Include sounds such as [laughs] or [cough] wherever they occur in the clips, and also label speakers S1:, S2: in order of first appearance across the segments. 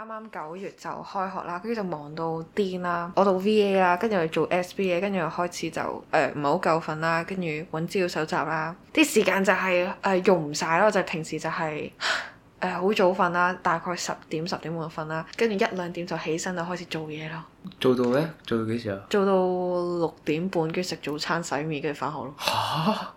S1: 啱啱九月就開學啦，跟住就忙到癲啦。我到 VA 啦，跟住又做 SBA，跟住又開始就誒唔係好夠瞓啦，跟住揾資料搜集啦。啲時間就係誒用唔晒咯，就平時就係好早瞓啦，大概十點十點半瞓啦，跟住一兩點就起身就開始做嘢咯。
S2: 做到咩？做到幾時啊？
S1: 做到六點半，跟住食早餐、洗面，跟住翻學
S2: 咯。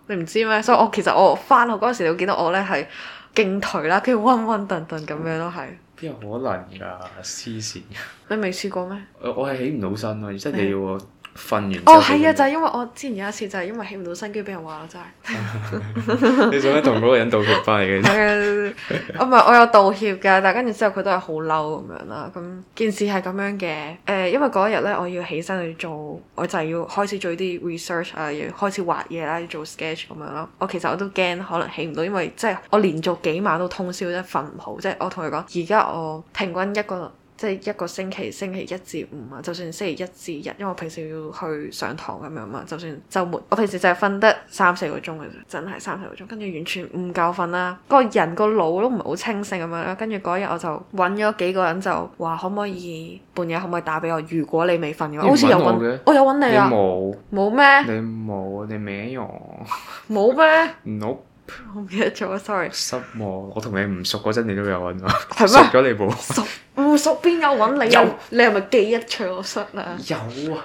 S1: 你唔知咩？所以我其實我翻學嗰時你會見到我呢係勁頹啦，跟住溫溫頓頓咁樣咯，係。
S2: 邊有可能㗎？黐線！
S1: 你未試過咩？
S2: [laughs] 我係起唔到身喎，真地喎。瞓完哦，係啊，嗯、就
S1: 因為我之前有一次就係因為起唔到身機， [laughs] [laughs] 跟住俾人話我真係。你
S2: 做咩同嗰個人道歉翻嚟嘅？唔
S1: 係， [laughs] [laughs] 我有道歉噶，但係跟住之後佢都係好嬲咁樣啦。咁件事係咁樣嘅，誒、呃，因為嗰一日咧我要起身去做，我就係要開始做啲 research 啊，要開始畫嘢啦，要做 sketch 咁樣咯。我其實我都驚可能起唔到，因為即係我連續幾晚都通宵，即係瞓唔好。即係我同佢講，而家我平均一個。即係一個星期，星期一至五啊，就算星期一至日，因為我平時要去上堂咁樣嘛，就算週末，我平時就係瞓得三四個鐘嘅啫，真係三四個鐘，跟住完全唔夠瞓啦、啊，個人個腦都唔係好清醒咁樣啦，跟住嗰日我就揾咗幾個人就話可唔可以半夜可唔可以打俾我，如果你未瞓嘅話，好似有揾，我，的我有揾你啊，
S2: 冇咩，你冇定咩用，冇咩 [laughs] ，no。我唔記得咗，sorry。失望，我同你唔熟嗰陣，你都有揾我。係咪？熟咗你冇？熟
S1: 唔熟邊有揾你啊？你係咪記一場我失啊？有啊。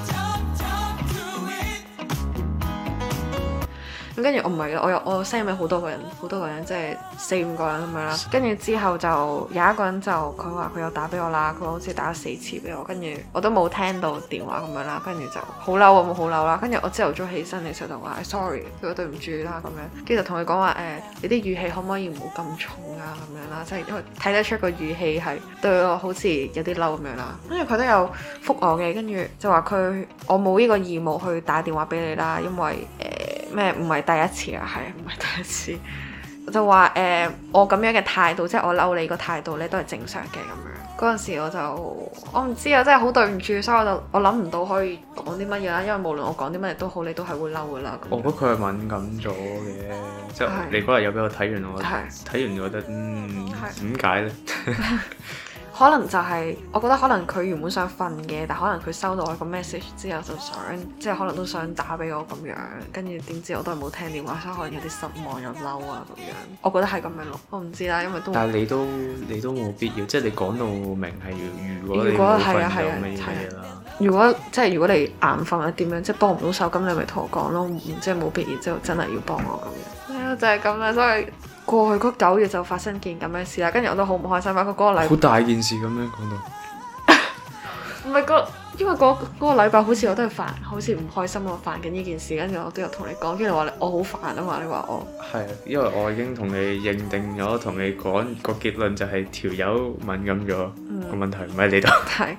S1: 跟住我唔係我又我 s e 好多個人，好多個人即係四五個人咁樣啦。跟住之後就有一個人就佢話佢有打俾我啦，佢好似打咗四次俾我，跟住我都冇聽到電話咁樣啦。跟住就好嬲咁，好嬲啦。跟住我朝頭早起身嘅時候就話 sorry，對唔住啦咁樣。跟住就同佢講話誒，你啲語氣可唔可以唔好咁重啊咁樣啦？即係因為睇得出個語氣係對我好似有啲嬲咁樣啦。跟住佢都有覆我嘅，跟住就話佢我冇呢個義務去打電話俾你啦，因為誒。呃咩唔係第一次啊，係啊，唔係第一次？一次 [laughs] 就話誒、呃，我咁樣嘅態度，即係我嬲你個態度咧，都係正常嘅咁樣。嗰陣時我就我唔知啊，真係好對唔住，所以我就我諗唔到可以講啲乜嘢啦，因為無論我講啲乜嘢都好，你都係會嬲噶啦。我
S2: 覺得佢係敏感咗嘅，即係你嗰日有俾我睇完，我睇完咗覺得嗯，點解咧？的 [laughs]
S1: 可能就係，我覺得可能佢原本想瞓嘅，但可能佢收到我一個 message 之後就想，即係可能都想打俾我咁樣。跟住點知我都係冇聽電話，所以可能有啲失望又嬲啊咁樣。我覺得係咁樣咯，我唔知啦，因為都但係
S2: 你都你都冇必要，即係你講到明係如果如果係啊，係啊，
S1: 如果即係如果你眼瞓啊點樣，即係幫唔到手，咁你咪同我講咯，即係冇必要之後真係要幫我咁樣。係啊，就係咁啦，所以。過去嗰九月就發生件咁嘅事啦，跟住我都好唔開心。包括嗰個禮好大
S2: 件事咁樣講到，
S1: 唔係個，因為嗰、嗰、嗰、個嗰個、禮拜好似我都係煩，好似唔開心我煩緊呢件事。跟住我都有同你講，跟住話我好煩啊嘛，你話我
S2: 係，因為我已經同你認定咗，同你講、嗰個結論就係條友敏感咗，個問題唔喺、嗯、你度但。係，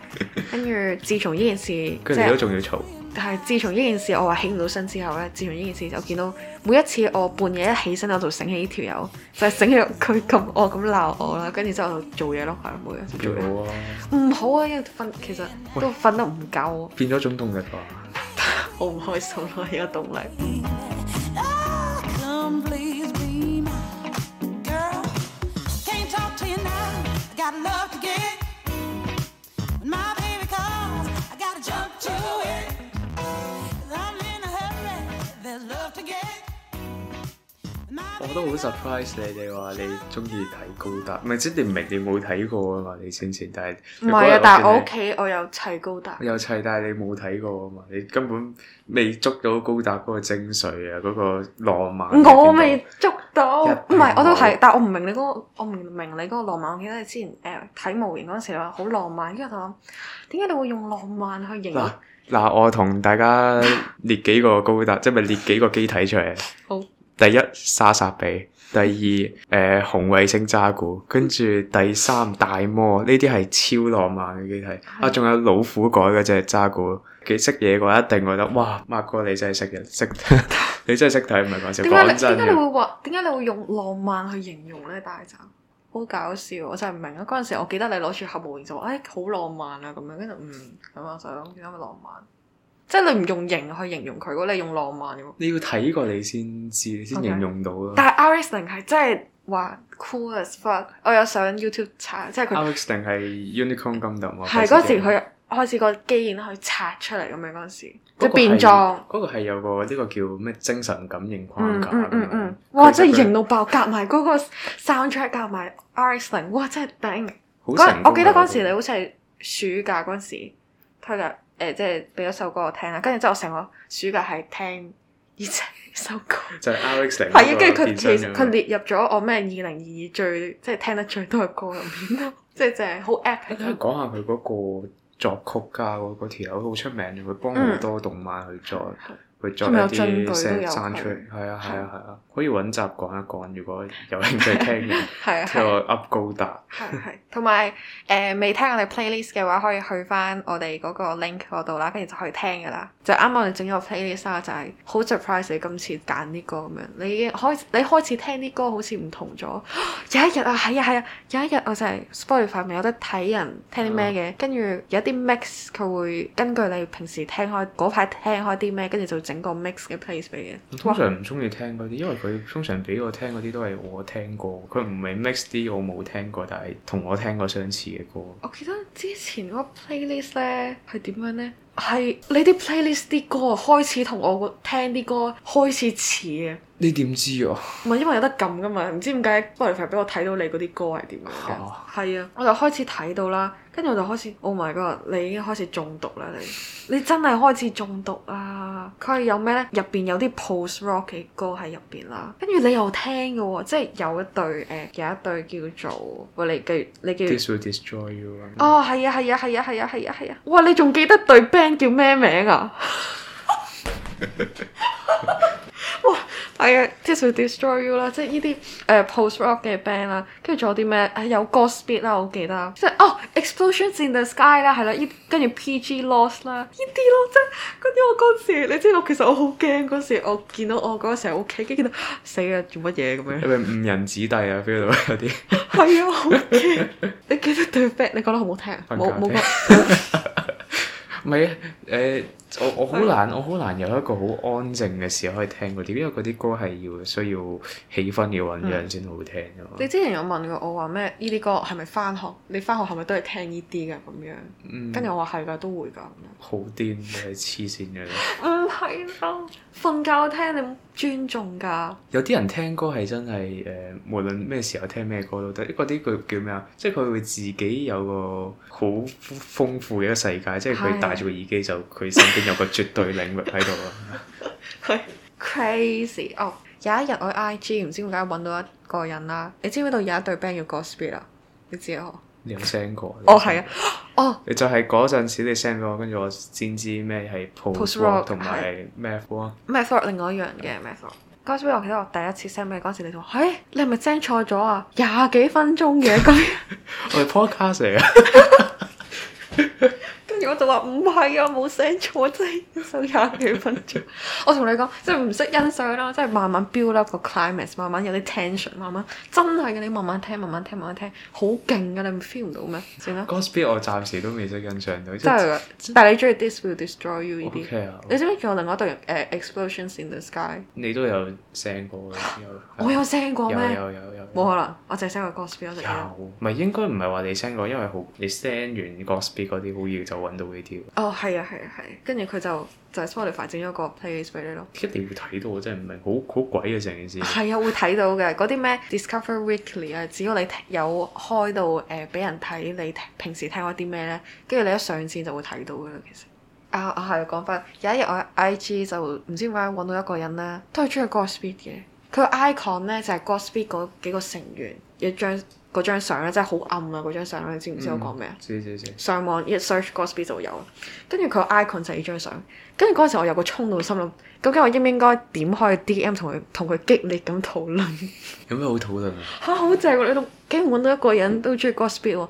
S2: [laughs]
S1: 跟住自從呢件事，跟住都仲要嘈。但係自從呢件事我話起唔到身之後咧，自從呢件事就見到每一次我半夜一起身，我就醒起呢條友，就係醒起佢咁惡咁鬧我啦，跟住之後就做嘢咯，係冇嘢。
S2: 唔好啊，唔
S1: 好啊，因為瞓其實都瞓得唔夠、
S2: 啊。變咗種動力啩？ [laughs] 我
S1: 唔開心咯，呢個動力。 [music]
S2: 我都好 surprise 你哋話你中意睇高達，唔係，即你唔明你冇睇過啊嘛？你先前但係唔係啊？但係我屋
S1: 企我，我有砌高達，
S2: 我有砌，但係你冇睇過啊嘛？你根本未捉到高達嗰個精髓啊，嗰個浪漫。我未
S1: 捉到，唔係我都係，但係我唔明你嗰個，我唔明你嗰個浪漫。我記得你之前誒睇、呃、模型嗰陣時話好浪漫，跟住我就諗點解你會用浪漫去形容？
S2: 嗱，我同大家列幾個高達， [laughs] 即係咪列幾個機體出嚟？好。第一沙薩比，第二誒、呃、紅衛星揸古；跟住第三大魔，呢啲係超浪漫嘅機體。的啊，仲有老虎改嗰隻揸古。幾識嘢嘅話一定覺得，哇，馬哥你真係識嘅，識 [laughs] 你真係識睇，唔係講笑。點解點解你會話？
S1: 點解你會用浪漫去形容咧？大罩好搞笑，我真係唔明啊！嗰陣時我記得你攞住合模就話：，哎，好浪漫啊！咁樣跟住嗯，咁就諗點解咪浪漫？即係你唔用型去形容佢，如果你用浪漫
S2: 你要睇過你先知，你先 Okay. 形容到啊！但
S1: 係 Alex l i n 係真係話 coolest part，我有上 YouTube 查，即
S2: 係佢。Alex l i n 係 Unicorn 金豆啊！係嗰時佢
S1: 開始個機器去以拆出嚟咁樣嗰陣時，即係變裝
S2: 狀。嗰個係有個呢個叫咩精神感應框架嗯。嗯
S3: 嗯
S1: 嗯，哇！真係型到爆，夾埋嗰個 soundtrack，夾埋 Alex l n 哇！真係頂。好，我記得嗰陣時，你好似係暑假嗰陣時睇誒、呃、即係俾咗首歌我聽啦，跟住之後我成個暑假係聽呢隻首歌，
S2: 就係 Alex 係啊，跟住佢其實佢列
S1: 入咗我咩？二零二二最即係聽得最多嘅歌入面，即係即係好 app。講
S2: 下佢嗰個作曲家嗰條友好出名，佢幫好多動漫去作。嗯佢再啲聲生出，係啊係啊係啊，可以揾集講一講，如果有興趣聽嘅，即係 [laughs] 的我 Up 高達。係係。
S1: 同埋誒未聽我哋 playlist 嘅話，可以去翻我哋嗰個 link 嗰度啦，跟住就可以聽㗎啦。就啱啱我哋整咗個 playlist 啊，就係好 surprise 你今次揀啲歌咁樣。你開你開始聽啲歌好似唔同咗，有一日啊係啊係啊，有一日我就係 Spotify 咪有得睇人聽啲咩嘅，跟住、嗯、有啲 mix 佢會根據你平時聽開嗰排聽開啲咩，跟住就整個 mix 嘅 playlist，
S2: 我通常唔中意聽嗰啲，因為佢通常俾我聽嗰啲都係我聽過，佢唔係 mix 啲我冇聽過，但係同我聽過相似嘅歌。我
S1: 記得之前個 playlist 咧係點樣呢？係你啲 playlist 啲歌開始同我聽啲歌開始似啊！
S2: 你點知啊？
S1: 唔係因為有得撳噶嘛？唔知點解忽然間俾我睇到你嗰啲歌係點樣嘅？係、oh. 啊，我就開始睇到啦，跟住我就開始，oh my god，你已經開始中毒啦！你你真係開始中毒啊！佢有咩咧？入邊有啲 post rock 嘅歌喺入邊啦，跟住你又聽嘅喎、哦，即係有一對誒、呃，有一對叫做你嘅你嘅。This
S2: will destroy you.
S1: I mean. 哦，係啊，係啊，係啊，係啊，係啊，係啊！哇、啊，你仲記得對 band 叫咩名啊？ [laughs] 哇，係、就是呃、啊，This Will Destroy You 啦，即係呢啲誒 post rock 嘅 band 啦，跟住仲有啲咩？誒有 Gospel 啦，我記得，即係哦 Explosions in the sky 啦、嗯，係咯，跟住 PG Lost 啦，呢啲咯，即係嗰啲我嗰時，你知道我其實我好驚嗰時，我見到我嗰個時候，我驚見到死、OK，啊，做乜嘢咁樣？
S2: 係咪誤人子弟啊？feel 到有啲係 [laughs] [laughs] 啊，好驚！
S1: 你記得對 band，你覺得好唔好聽？冇冇個？
S2: 唔係啊，誒。我我好難，的我好難有一個好安靜嘅時候可以聽嗰啲，因為啲歌係要需要氣氛要醞釀先好聽嘅、嗯。你之
S1: 前有問過我，我話咩？呢啲歌係咪翻學？你翻學係咪都係聽呢啲㗎咁樣？跟住、嗯、我話係㗎，都會㗎。
S2: 好癲 [laughs] 你係黐線嘅？
S1: 唔係瞓覺聽你尊重㗎。
S2: 有啲人聽歌係真係誒、呃，無論咩時候聽咩歌都得。一個呢句叫咩啊？即係佢會自己有個好豐富嘅一個世界，即係佢戴住個耳機就佢身邊的 [laughs] 個 [laughs] 絕對領域喺度啊，係
S1: [laughs] crazy 哦，oh！有一日我 I G 唔知點解搵到一個人啦，你知唔知道有一對 band 叫 Godspeed 啊？你知啊？你有
S2: send 過？ [laughs] 哦係啊，哦，你就係嗰陣時你 send 俾我，跟住我先知咩係 post rock 同埋咩 math rock 啊？
S1: 咩 math rock 另外一樣嘅咩 math rock Godspeed 我記得我第一次 send 咩嗰陣時你，hey? 你話，嘿，你係咪 send 錯咗啊？廿幾分鐘嘅，居
S2: 我係 podcast 嚟啊！
S1: 跟住我就話唔係啊，冇 send 錯啫，真係要收廿幾分鐘。 [laughs] 我同你講，即係唔識欣賞啦，即係慢慢 build up 個 climax，慢慢有啲 tension，慢慢真係嘅，你慢慢聽，慢慢聽，慢慢聽，好勁嘅，你唔 feel 唔到咩？算啦。
S2: Godspeed 我暫時都未識欣賞到。真係。
S1: 真但係你中意 This Will Destroy You，呢啲你知唔知仲我另外一隊誒、uh, Explosions in the Sky？
S2: 你都有 send 過有
S1: [laughs] 我有 send 過咩？
S2: 有
S1: 有有冇可能，我淨係 send 過 Godspeed，我淨係。
S2: 有，唔係應該唔係話你 send 過，因為好你 send 完 Godspeed 嗰啲好易就。揾、oh, [music] 到
S1: 呢條哦，係啊，係啊，係， [laughs] 跟住佢就就係 Spotify 整咗個 playlist 俾你咯。
S2: 一定要睇到真係唔係好好鬼嘅成件事。係
S1: [noise] 啊樂，會睇到嘅嗰啲咩 Discover Weekly 啊，只要你有開到誒俾、呃、人睇你平時聽開啲咩咧，跟住你一上線就會睇到嘅啦。其實啊啊，係講翻有一日我 IG 就唔知點解揾到一個人啦，都係中意 Gossip 嘅。佢 icon 咧就係 Gossip 嗰幾個成員嘅像。嗰張相咧真係好暗啊！嗰張相你知唔知我講咩啊？知知知。上網一 search g o s p Beat 就有，跟住佢 icon 就係呢張相。跟住嗰陣時候我有個衝動，我心諗，究竟我應唔應該點開 D M 同佢同佢激烈咁討論？
S2: 有咩好討論 [laughs] 啊？
S1: 嚇好正喎！你都竟然揾到一個人都中意 g o s p b、啊、e a 喎。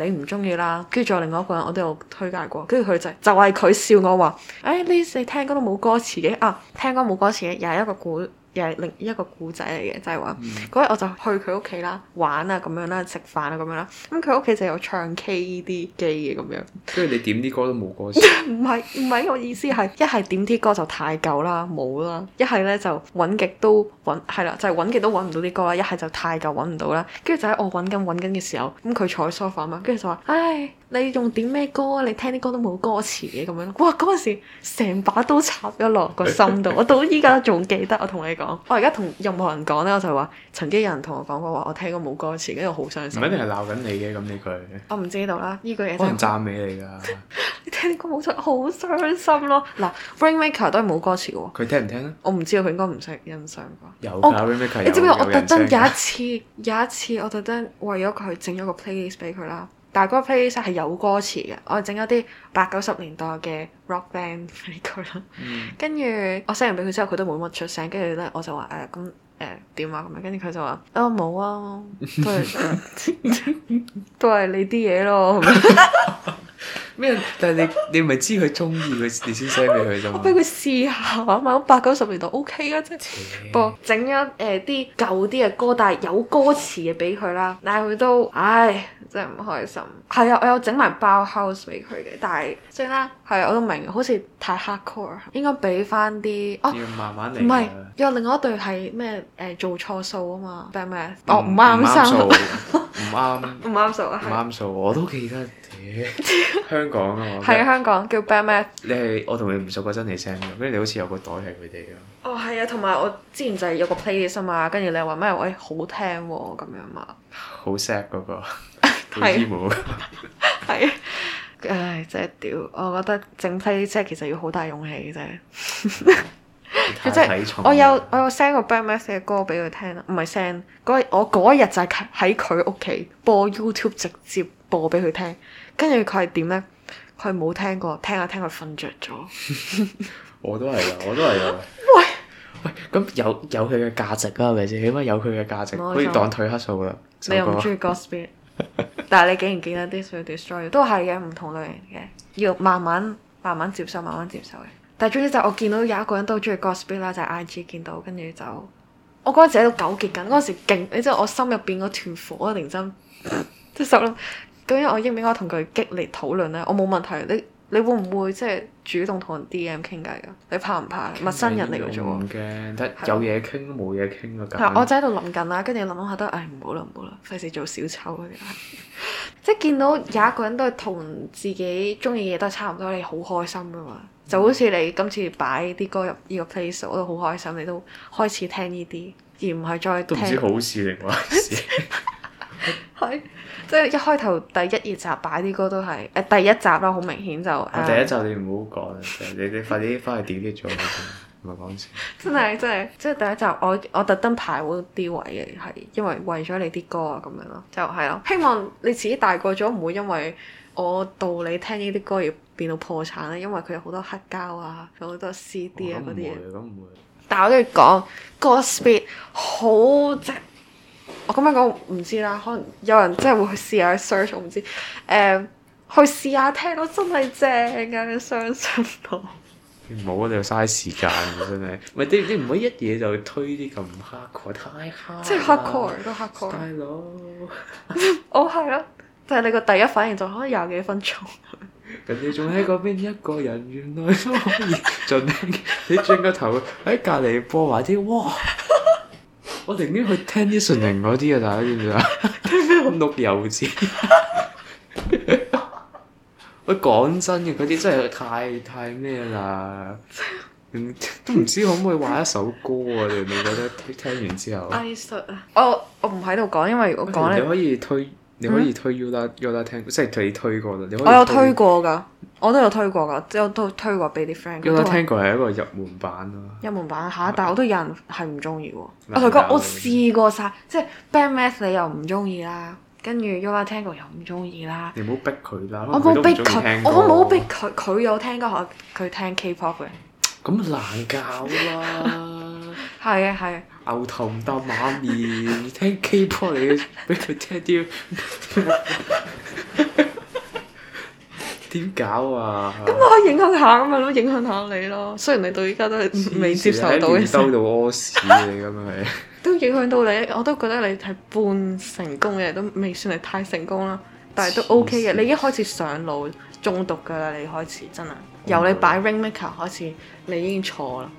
S1: 嗱你唔中意啦，跟住仲有另外一個人我都有推介過，跟住佢就是、就係、是、佢笑我話：，誒、哎、呢你聽歌都冇歌詞嘅，啊聽歌冇歌詞嘅又係一個古。又係另一個故仔嚟嘅，就係話嗰日我就去佢屋企啦，玩啊咁樣啦，食飯啊咁樣啦。咁佢屋企就有唱 K 呢啲機嘅咁樣。跟
S2: 住你點啲歌都冇歌詞。唔
S1: 係唔係， [laughs] 我意思係一係點啲歌就太舊啦，冇啦；一係咧就揾極都揾係啦，就係揾極都揾唔到啲歌啦。一係就太舊揾唔到啦。跟住就喺我揾緊揾緊嘅時候，咁佢坐喺 sofa 嘛，跟住就話：唉，你用點咩歌啊？你聽啲歌都冇歌詞嘅咁樣。哇！嗰陣時成把刀插咗落個心度，我到依家仲記得我。我同你我而家同任何人講咧，我就話曾經有人同我講過話，我聽過冇歌詞，跟住好傷心。唔一定係
S2: 鬧緊你嘅咁呢句。我
S1: 唔知道啦，呢句嘢。可能
S2: 讚美你㗎。
S1: [laughs] 你聽過冇出好傷心咯。嗱，Bring Maker 都係冇歌詞嘅喎。
S2: 佢聽唔聽咧？
S1: 我唔知道，佢應該唔識欣賞
S2: 有。你知唔知？我特登有一
S1: 次， [laughs] 有一次我特登為咗佢，整咗個 playlist 俾佢啦。但嗰個 place 係有歌詞嘅，我整咗啲八九十年代嘅 rock band 嘅歌啦。跟住、嗯、我 send 完俾佢之後，佢都冇乜出聲。跟住咧，我就話誒咁誒點啊咁樣。跟住佢就話啊冇啊，都係 [laughs] 都係你啲嘢咯。
S2: 咩？ [laughs] [laughs] 但係你你咪知佢中意佢，你先 send 俾佢啫，我俾
S1: 佢試下啊嘛，八九十年代 OK 啊，真係。播整咗誒啲舊啲嘅歌，但係有歌詞嘅俾佢啦。但係佢都唉。真係唔開心，係啊，我有整埋包 house 俾佢嘅，但係算啦，係啊，我都明，好似太 hardcore，應該俾翻啲哦，要慢慢嚟。唔係，有另外一對係咩？誒做錯數啊嘛 bad math 咩？哦，唔啱數，唔啱，唔
S2: 啱數啊，唔啱數，我都記得，香港啊嘛，係啊，
S1: 香港叫 bad math
S2: 咩？你係我同你唔熟嗰陣你 send，跟住你好似有個袋係佢哋㗎。
S1: 哦，係啊，同埋我之前就係有個 playlist 啊嘛，跟住你話咩？誒好聽喎，咁樣嘛，
S2: 好 sad 嗰個。
S1: 係，啊對， [laughs] 唉，真係屌！我覺得整批即係其實要好大勇氣嘅啫。
S2: 真係 [laughs] 我有
S1: 我有 send 個 b a n k Mas 嘅歌俾佢聽啦，唔係 send 我嗰一日就係喺佢屋企播 YouTube 直接播俾佢聽，跟住佢係點咧？佢冇聽過，聽下聽佢瞓着咗。
S2: 我都係啊！我都係啊！喂喂，咁喂有有佢嘅價值啦，係咪先？起碼有佢嘅價值，錯可以當褪黑素啦。你又唔中意
S1: Ghost b e a [laughs] 但係你竟然見到啲 destroyer? 都係嘅，唔同類型嘅，要慢慢慢慢接受，慢慢接受嘅。但係總之就我見到有一個人都中意 gospel 啦，就係 I G 見到，跟住就我嗰陣時喺度糾結緊，嗰陣時勁，你知我心入邊嗰團火啊，認真即係十啦。 [laughs] [laughs] [laughs] 究竟我應唔應該同佢激烈討論咧？我冇問題，你。你會唔會即係主動同人 D M 傾偈噶、啊？你怕唔怕陌生人嚟嘅啫喎？唔
S2: 驚，得 [noise] 對有嘢傾都冇嘢傾我就喺
S1: 度諗緊啦，跟住諗諗下，都，唉，唔好啦唔好啦，費事做小丑 [laughs] 即係見到有一個人都係同自己中意嘅嘢都係差唔多，你好開心啊嘛！嗯、就好似你今次擺啲歌入呢個 place，我都好開心，你都開始聽呢啲，而唔係再都唔知好
S2: 事定壞事。
S1: 係。即係一開頭第一二集擺啲歌都係，誒、啊、第一集啦，好明顯就。第一集
S2: 你唔好講你，你快啲翻去 delete 咗唔好講先。
S1: 真係真係即係第一集我，我我特登排好啲位嘅，係因為為咗你啲歌啊咁樣咯，就係咯。希望你自己大個咗唔會因為我道理聽呢啲歌而變到破產啦，因為佢有好多黑膠啊，有好多 CD 啊嗰啲嘢。咁唔會，會會但係我跟住講 Godspeed 好正。我咁樣講唔知啦，可能有人真係會去試下 search，我唔知誒、嗯，去試下聽到真係正啊！你相信我，
S2: 到？唔好啊！就係、你又嘥時間啊！真係你啲唔可以一嘢就推啲咁黑 core，太黑。即係黑 core 都黑 core。
S1: 我係咯，就係你個第一反應就可能廿幾分鐘。
S2: [laughs] 人哋仲喺嗰邊一個人，原來都可以盡興。你轉個頭喺隔離播埋啲，哇！我寧願去聽啲純情嗰啲啊，大家知唔知啊？聽咩咁濫幼稚？我講真嘅，嗰啲真係太太咩啦？都唔知可唔可以畫一首歌啊？你你覺得聽完之後？
S1: 我我唔喺度講，因為如果你，你可
S2: 以推。你可以推 u 啦 u 啦 Tango，即係你推過啦。我有推過
S1: 噶，我都有推過噶，即係我都推過俾啲 friend。u 啦 Tango
S2: 係一個入門版咯，
S1: 啊。入門版嚇，啊，但係我都有人係唔中意喎。我同佢我試過晒，即係 Badmash n 你又唔中意啦，跟住 u 啦 Tango 又唔中意啦。你唔好
S2: 逼佢啦。我冇逼佢，我冇逼佢，
S1: 佢有聽歌聽 K，佢聽 K-pop 嘅。
S2: 咁難搞啦！
S1: 係啊， [laughs] 係。
S2: 牛頭唔搭馬面， [laughs] 聽 K-pop 嚟嘅，俾佢聽啲點搞啊！咁我
S1: 可以影響下咁咪都影響下你咯。雖然你到依家都係未接受到嘅，收到
S2: 屙屎咁咪。
S1: 都影響到你，我都覺得你係半成功嘅，都未算係太成功啦。但係都 OK 嘅。經你一開始上腦中毒㗎啦，你開始真係由你擺 ring maker 開始，你已經錯啦。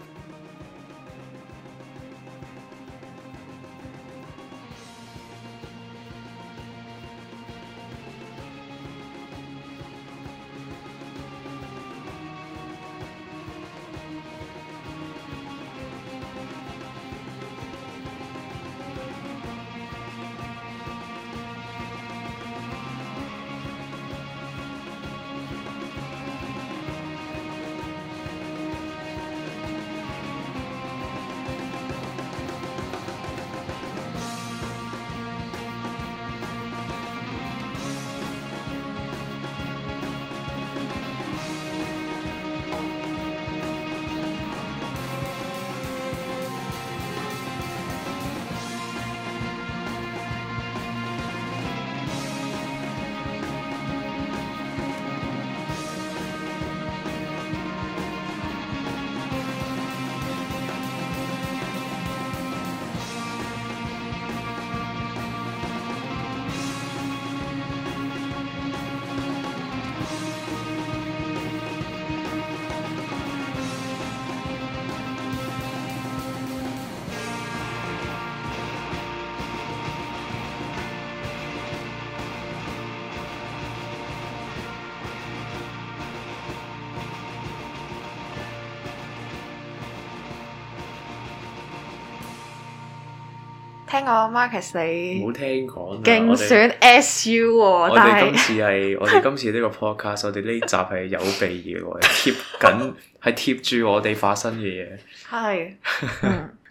S1: 聽過 Marcus 你冇聽過競選 SU 喎，們但係是我哋今
S2: 次，係我哋今次呢個 podcast， [laughs] 我哋呢集係有備而來，貼緊係貼住我哋 [laughs] 發生嘅嘢。係，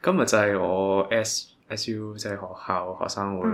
S2: 今日就係我 S SU 即係學校學生會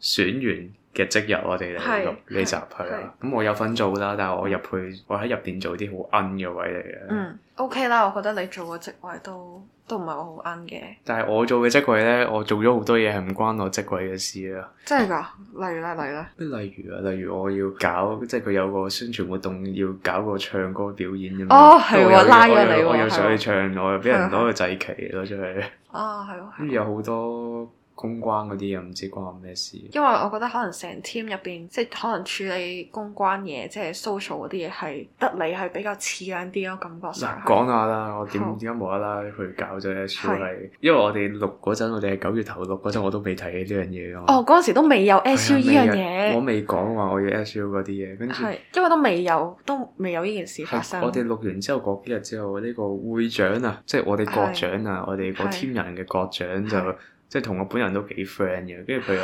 S2: 選、嗯、完。嘅職位我哋嚟錄呢集去啦，咁我有份做啦，但係我入去，我喺入面做啲好奀嘅位嚟嘅。
S1: 嗯，OK 啦，我覺得你做個職位都都唔係我好奀嘅。
S2: 但係我做嘅職位咧，我做咗好多嘢係唔關我職位嘅事啊。
S1: 真係㗎，例如咧，例如
S2: 咧，例如啊？例如我要搞，即係佢有個宣傳活動，要搞個唱歌表演嘅哦，係喎，拉咗你喎，我又上去唱，我又俾人攞去祭旗攞出嚟。
S3: 啊，係
S2: 喎，係。跟住有好多。公關嗰啲又唔知關我咩事？
S1: 因為我覺得可能成 team 入邊，即係可能處理公關嘢，即係 social 嗰啲嘢，係得你係比較似樣啲咯，感覺上。嗱，講下
S2: 啦，我點點解無啦啦去搞咗 S U？因為我哋錄嗰陣，我哋係九月頭錄嗰陣，我都未睇呢樣嘢咯。哦，
S1: 嗰陣時都未有 S U 呢樣嘢。我
S2: 未講話我要 S U 嗰啲嘢，跟住。係。
S1: 因為都未有，都未有呢件事發生。我哋
S2: 錄完之後嗰日之後，呢個會長啊，即係我哋國長啊，我哋個 team 人嘅國長就。即係同我本人都幾 friend 嘅，跟住佢又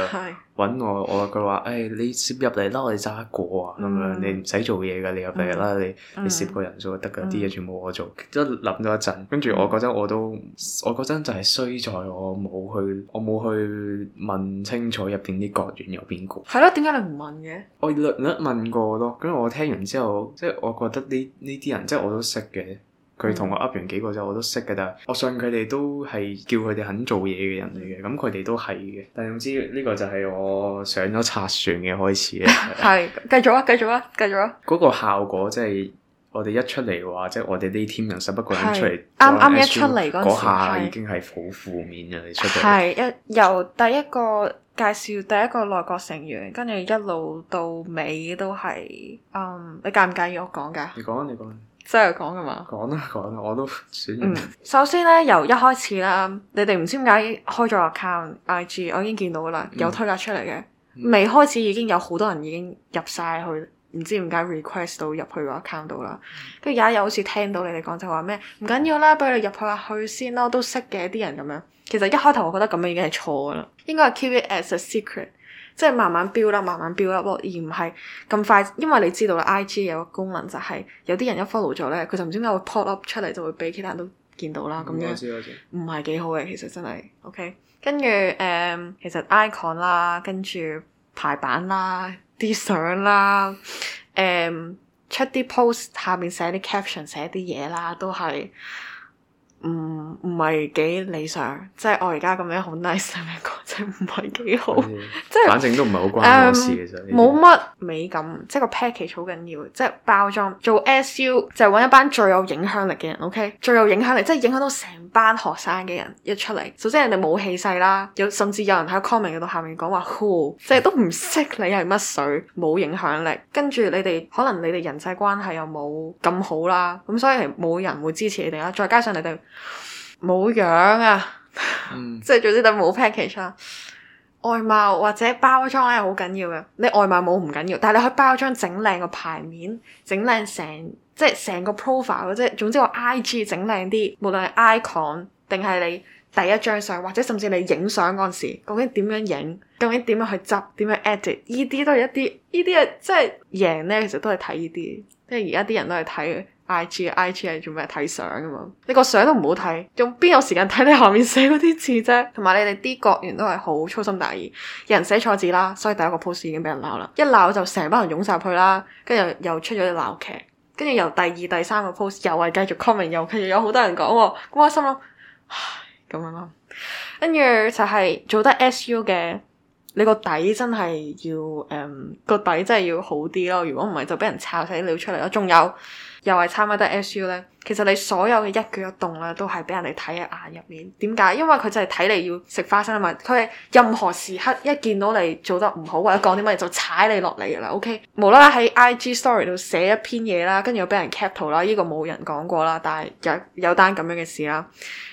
S2: 揾我，是我話佢話：誒，你攝入嚟啦，我哋揸過啊，咁樣你唔使做嘢嘅，你入嚟啦，你你攝個人數就得嘅，啲嘢、嗯、全部我做。即係諗咗一陣，跟住我覺得我都，我嗰陣就係衰在我冇去，我冇去問清楚入邊啲角員有邊個。係
S1: 咯，點解你唔問嘅？
S2: 我略略問過咯，跟住我聽完之後，即係我覺得呢呢啲人，即係我都識嘅。佢同我噏完幾個啫，我都識嘅，咋，係我相信佢哋都係叫佢哋肯做嘢嘅人嚟嘅，咁佢哋都係嘅。但係總之呢個就係我上咗賊船嘅開始啦。係
S1: [laughs] 繼續啊，繼續啊，繼續啊！
S2: 嗰個效果即係我哋一出嚟嘅話，即係我哋呢 team 人十一個人出嚟，啱啱是說一出嚟嗰下已經係好負面嘅，你出到係一
S1: 由第一個介紹第一個內閣成員，跟住一路到尾都係嗯，你介唔介意我講嘅？你
S2: 講，你講。
S1: 即係講㗎嘛，
S2: 講啦講啦，我都歡 [laughs]
S1: 首先咧，由一開始啦，你哋唔知點解開咗個 account i g，我已經見到啦，嗯、有推介出嚟嘅。嗯、未開始已經有好多人已經入晒去，唔知點解 request 到入去個 account 度啦。跟住而家又好似聽到你哋講就話咩唔緊要啦，俾你入去下去先咯，都識嘅啲人咁樣。其實一開頭我覺得咁樣已經係錯㗎啦，應該係 keep it as a secret。即係慢慢 build 啦，慢慢 build，而唔係咁快。因為你知道啦，IG 有個功能就係有啲人一 follow 咗咧，佢就唔知點解會 pop up 出嚟，就會俾其他人都見到啦。咁、嗯、咁樣唔係幾好嘅，嗯嗯、其實真係。OK，跟住誒、嗯，其實 icon 啦，跟住排版啦，啲相啦，誒、嗯、出啲 post 下面寫啲 caption 寫啲嘢啦，都係。唔唔係幾理想，即係我而家咁樣好 nice 嘅真係唔係幾好，即係反正都唔係好關我、 [laughs] 嗯、事嘅啫。冇乜美感， [music] 即係個 package 好緊要，即係包裝。做 SU 就揾一班最有影響力嘅人，OK，最有影響力，即係影響到成班學生嘅人一出嚟。首先人哋冇氣勢啦，有甚至有人喺 comment 度下面講話，who 即係都唔識你係乜水，冇影響力。跟住你哋可能你哋人際關係又冇咁好啦，咁所以係冇人會支持你哋啦。再加上你哋。冇樣啊，即係、嗯、 [laughs] 總之都冇 package、啊。外貌或者包裝咧，好緊要嘅。你外貌冇唔緊要，但係你可以包裝整靚個牌面，整靚成即係成個 profile，即係總之我 IG 整靚啲，無論係 icon 定係你第一張相，或者甚至你影相嗰陣時，究竟點樣影，究竟點樣去執，點樣 edit、就是、呢啲都係一啲呢啲係，即係贏咧，其實都係睇呢啲，即係而家啲人都係睇嘅。I G I G 係做咩？睇相㗎嘛，你個相都唔好睇，仲邊有時間睇你下面寫嗰啲字啫？同埋你哋啲國員都係好粗心大意，有人寫錯字啦，所以第一個 post 已經俾人鬧啦，一鬧就成班人湧曬入去啦，跟住又，又出咗啲鬧劇，跟住由第二、第三個 post 又係繼續 comment，又繼續有好多人講喎，咁我心諗，唉，咁樣啦，跟住就係做得 S U 嘅。你個底真係要誒，個、嗯、底真係要好啲咯。如果唔係就俾人炒曬料出嚟咯。仲有又係參加得 SU 咧，其實你所有嘅一舉一動咧，都係俾人哋睇喺眼入面。點解？因為佢就係睇你要食花生啊嘛。佢係任何時刻一見到你做得唔好或者講啲乜嘢就踩你落嚟㗎啦。OK，無啦啦喺 IG Story 度寫一篇嘢啦，跟住又俾人 cap 圖啦。呢、呢個冇人講過啦，但係有有單咁樣嘅事啦。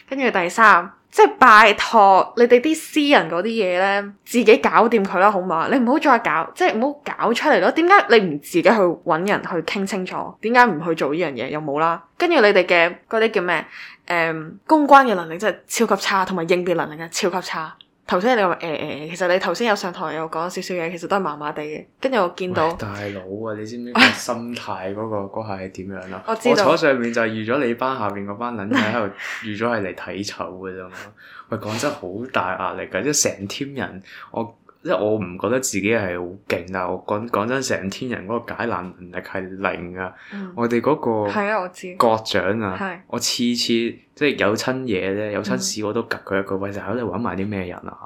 S1: 跟住第三。即係拜託你哋啲私人嗰啲嘢咧，自己搞掂佢啦，好唔好？你唔好再搞，即係唔好搞出嚟咯。點解你唔自己去揾人去傾清楚？點解唔去做呢樣嘢又冇啦？跟住你哋嘅嗰啲叫咩？誒、嗯，公關嘅能力真係超級差，同埋應變能力又超級差。頭先你話誒誒，其實你頭先有上堂有講少少嘢，其實都係麻麻地嘅。跟住我見到
S2: 大佬啊，你知唔知心態嗰、嗰個下係點樣啊？我知道。我坐上面就係預咗你班下邊嗰班撚仔喺度預咗係嚟睇醜嘅啫嘛。 [laughs] 喂，講真好大壓力㗎，即係成 team 人我。即係我唔覺得自己係好勁，但我講講真，成天人嗰個解難能力係零㗎。嗯、我哋嗰個係啊，我知國長啊，我，我次次即係有親嘢咧，有親事我都及佢一個位。喂、嗯，喺度揾埋啲咩人啊？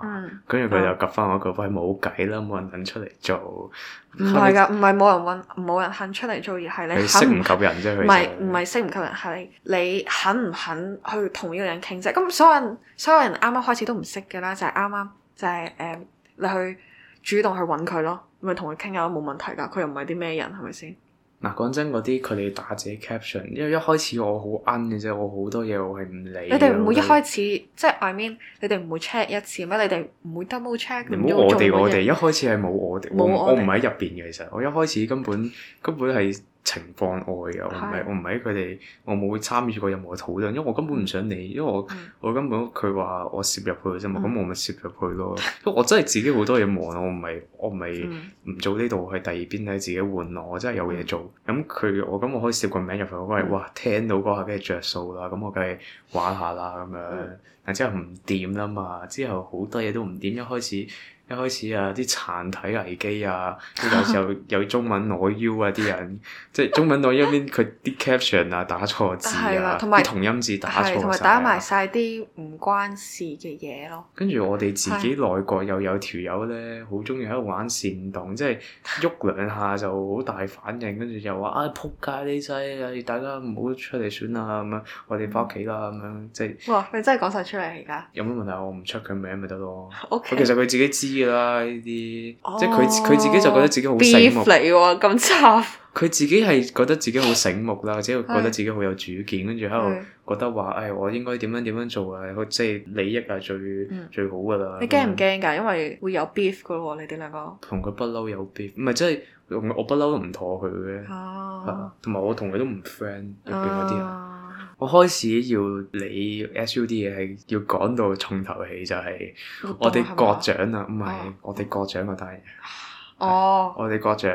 S2: 跟住佢就及返我一個位。喂，冇計啦，冇人肯出嚟做。唔係㗎，唔
S1: 係冇人揾，冇人肯出嚟做，而係你 [laughs] 不不識唔及人啫。唔係唔係識唔及人，係你，你肯唔肯去同呢個人傾啫。咁所有人所有人啱啱開始都唔識㗎啦，就係啱啱就係、是、誒。就是你去主動去揾佢咯，咪同佢傾下都冇問題㗎。佢又唔係啲咩人，係咪先？
S2: 嗱、啊，講真嗰啲佢哋打自己 caption，因為一開始我好奀嘅啫，我好多嘢我係唔理。你哋唔會一開
S1: 始都即係 I mean，你哋唔會 check 一次咩？你哋唔會 double check？唔好，我哋我哋一
S2: 開始係冇我哋，我唔喺入邊嘅。其實我一開始根本根本係。情況外嘅，我唔係的我唔係佢哋，我冇參與過任何討論，因為我根本唔想理，因為我、嗯、我根本佢話我攝入去嘅啫嘛，咁、嗯、我咪攝入去咯。因為我真係自己好多嘢忙，我唔係我唔係唔做呢度去第二邊睇自己玩咯，我真係有嘢做。咁佢我咁我可以攝個名入去，我係哇聽到嗰下梗係著數啦，咁我梗係玩下啦咁樣。嗯、但之後唔掂啦嘛，之後好多嘢都唔掂，一開始。一開始啊，啲殘體危機啊，有時候有中文攞腰啊啲人， [laughs] 即係中文攞腰入邊佢啲 [laughs] caption 啊打錯字啊，啲 [laughs] 有同音字打錯同埋打埋
S1: 晒啲唔關事嘅嘢咯。
S2: 跟住我哋自己內閣又有條友咧，好中意喺度玩煽動， [laughs] 即係喐兩下就好大反應，跟住又話啊撲街你滯，大家唔好出嚟選啦咁樣，我哋翻屋企啦咁樣，即
S1: 係哇，你真係講晒出嚟而家。
S2: 有咩問題我唔出佢名咪得咯。Okay. [laughs] 其實佢自己知。啦呢啲，即係佢，佢自己就覺得自己好醒目嚟
S1: 咁差。
S2: 佢、哦、自己係覺得自己好醒目啦，即係 [laughs] 覺得自己好有主見，跟住喺度覺得話，誒、哎，我應該點樣點樣做啊？即、就、係、是、利益啊，最、嗯、最好噶啦。你驚唔
S1: 驚噶？是因為會有 beef 噶咯，你哋兩個。
S2: 同佢不嬲有 beef，唔係即係我不，不嬲都唔妥佢嘅。啊，同埋、啊、我同佢都唔 friend 入邊嗰啲人。我開始要理 S.U.D 嘅，係要講到重頭戲就係、是、我哋國獎啊，唔係我哋國獎啊，但係。哦，oh, 我哋國長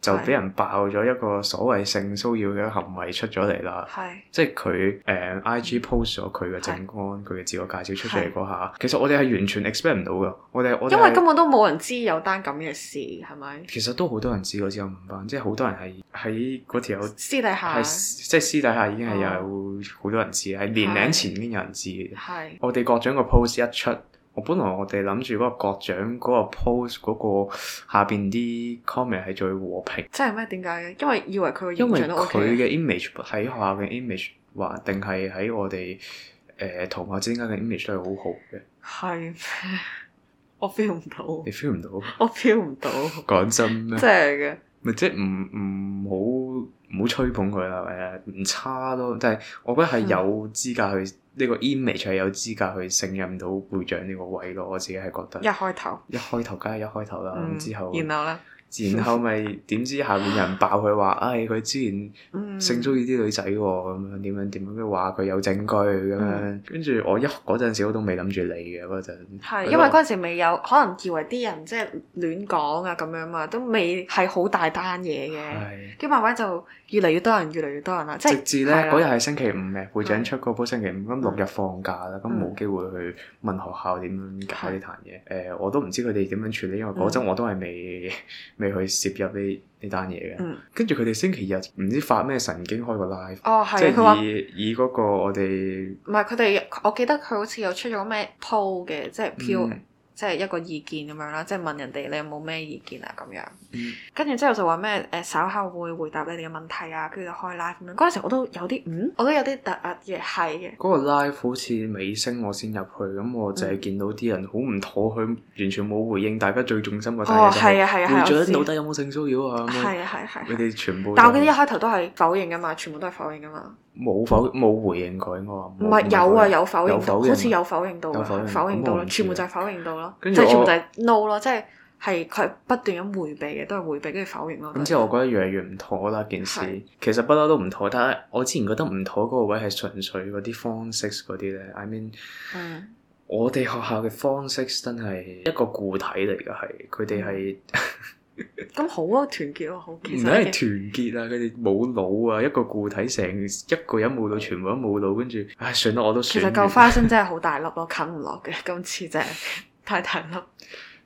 S2: 就俾人爆咗一個所謂性騷擾嘅行為出咗嚟啦。係 is.，即係佢誒 IG post 咗佢嘅政綱，佢嘅 is. 自我介紹出嚟嗰下，是其實我哋係完全 expect 唔到嘅。我哋我因為根
S1: 本都冇人知有單咁嘅事，係咪？
S2: 其實都好多人知，我知道唔多，即係好多人係喺嗰條友私底下，即係、就是、私底下已經係有好多人知，喺、oh. 年零前已經有人知。係 is. 是，我哋國長個 post 一出。我本來我哋諗住嗰個國獎嗰個 post 嗰個下邊啲 comment 係最和平，
S1: 即係咩？點解嘅？因為以為佢個形象
S2: 好，因為佢嘅 image 喺學校嘅 image 話，定係喺我哋誒同學之間嘅 image 都係好好嘅。係咩？我 feel 唔到，你 feel 唔到，我 feel 唔到。講真咩？即係嘅，咪即係唔唔好。唔好吹捧佢啦，誒唔差咯，但係我覺得係有資格去呢、嗯、個 image 係有資格去勝任到會長呢個位咯，我自己係覺得。一開頭。一開頭梗係一開頭啦，嗯、之後。然後咧。 [laughs] 然後咪點知下面有人爆佢話，誒佢、嗯哎、之前性中意啲女仔喎、哦，咁樣點樣點樣，跟住話佢有證據咁、嗯、樣，跟住我一嗰陣時我都未諗住理嘅嗰陣。
S3: 係，是說因為嗰
S1: 陣時未有可能以為啲人即係亂講啊咁樣嘛，都未係好大單嘢嘅，跟住是慢慢就。越嚟越多人，越嚟越多人啦！即係，直至咧嗰日係
S2: 星期五嘅，會長的出嗰個星期五，咁六日放假啦，咁冇、嗯、機會去問學校點樣搞呢壇嘢。誒、嗯呃，我都唔知佢哋點樣處理，因為嗰陣我都係未未去涉入呢呢單嘢嘅。跟住佢哋星期日唔知發咩神經開個 live，哦、即係以說以嗰個我哋
S1: 唔係佢哋，我記得佢好似有出咗咩 po 嘅，即係票。嗯即係一個意見咁樣啦，即係問人哋你有冇咩意見啊咁樣。跟住、嗯、之後就話咩誒稍後會回答你哋嘅問題啊，跟住就開 live 咁樣。嗰陣時我都有啲嗯，我都有啲突兀嘅係嘅。嗰、yeah, 個
S2: live 好似尾聲我先入去，咁我就係見到啲人好唔妥佢，完全冇回應大家最重心嘅。哦，係啊，係啊，係啊。會唔會到底有冇性騷擾啊？係啊，係啊。佢哋全部。但我嗰啲
S1: 一開頭都係否認㗎嘛，全部都係否認㗎嘛。
S2: 冇否冇回應佢，我話唔係有啊有否認，好似有否認到，否認到啦，
S1: 全部就係否認到咯，即係全部就係 no 咯，即係係佢不斷咁回避嘅，都係回避跟住否認咯。咁之
S2: 後我覺得越嚟越唔妥啦，件事其實不嬲都唔妥，但係我之前覺得唔妥嗰個位係純粹嗰啲方式嗰啲咧，I mean，我哋學校嘅方式真係一個固體嚟㗎，係佢哋係。
S1: 咁 [laughs] 好啊，團結啊，好。唔係團
S2: 結啊，佢哋冇腦啊，一個固體成一個人冇腦， [laughs] 全部都冇腦，跟住唉，算、哎、啦，我都。算，其實夠花
S1: 生真係好大粒咯、啊，啃唔落嘅。今次真係太
S2: 大粒。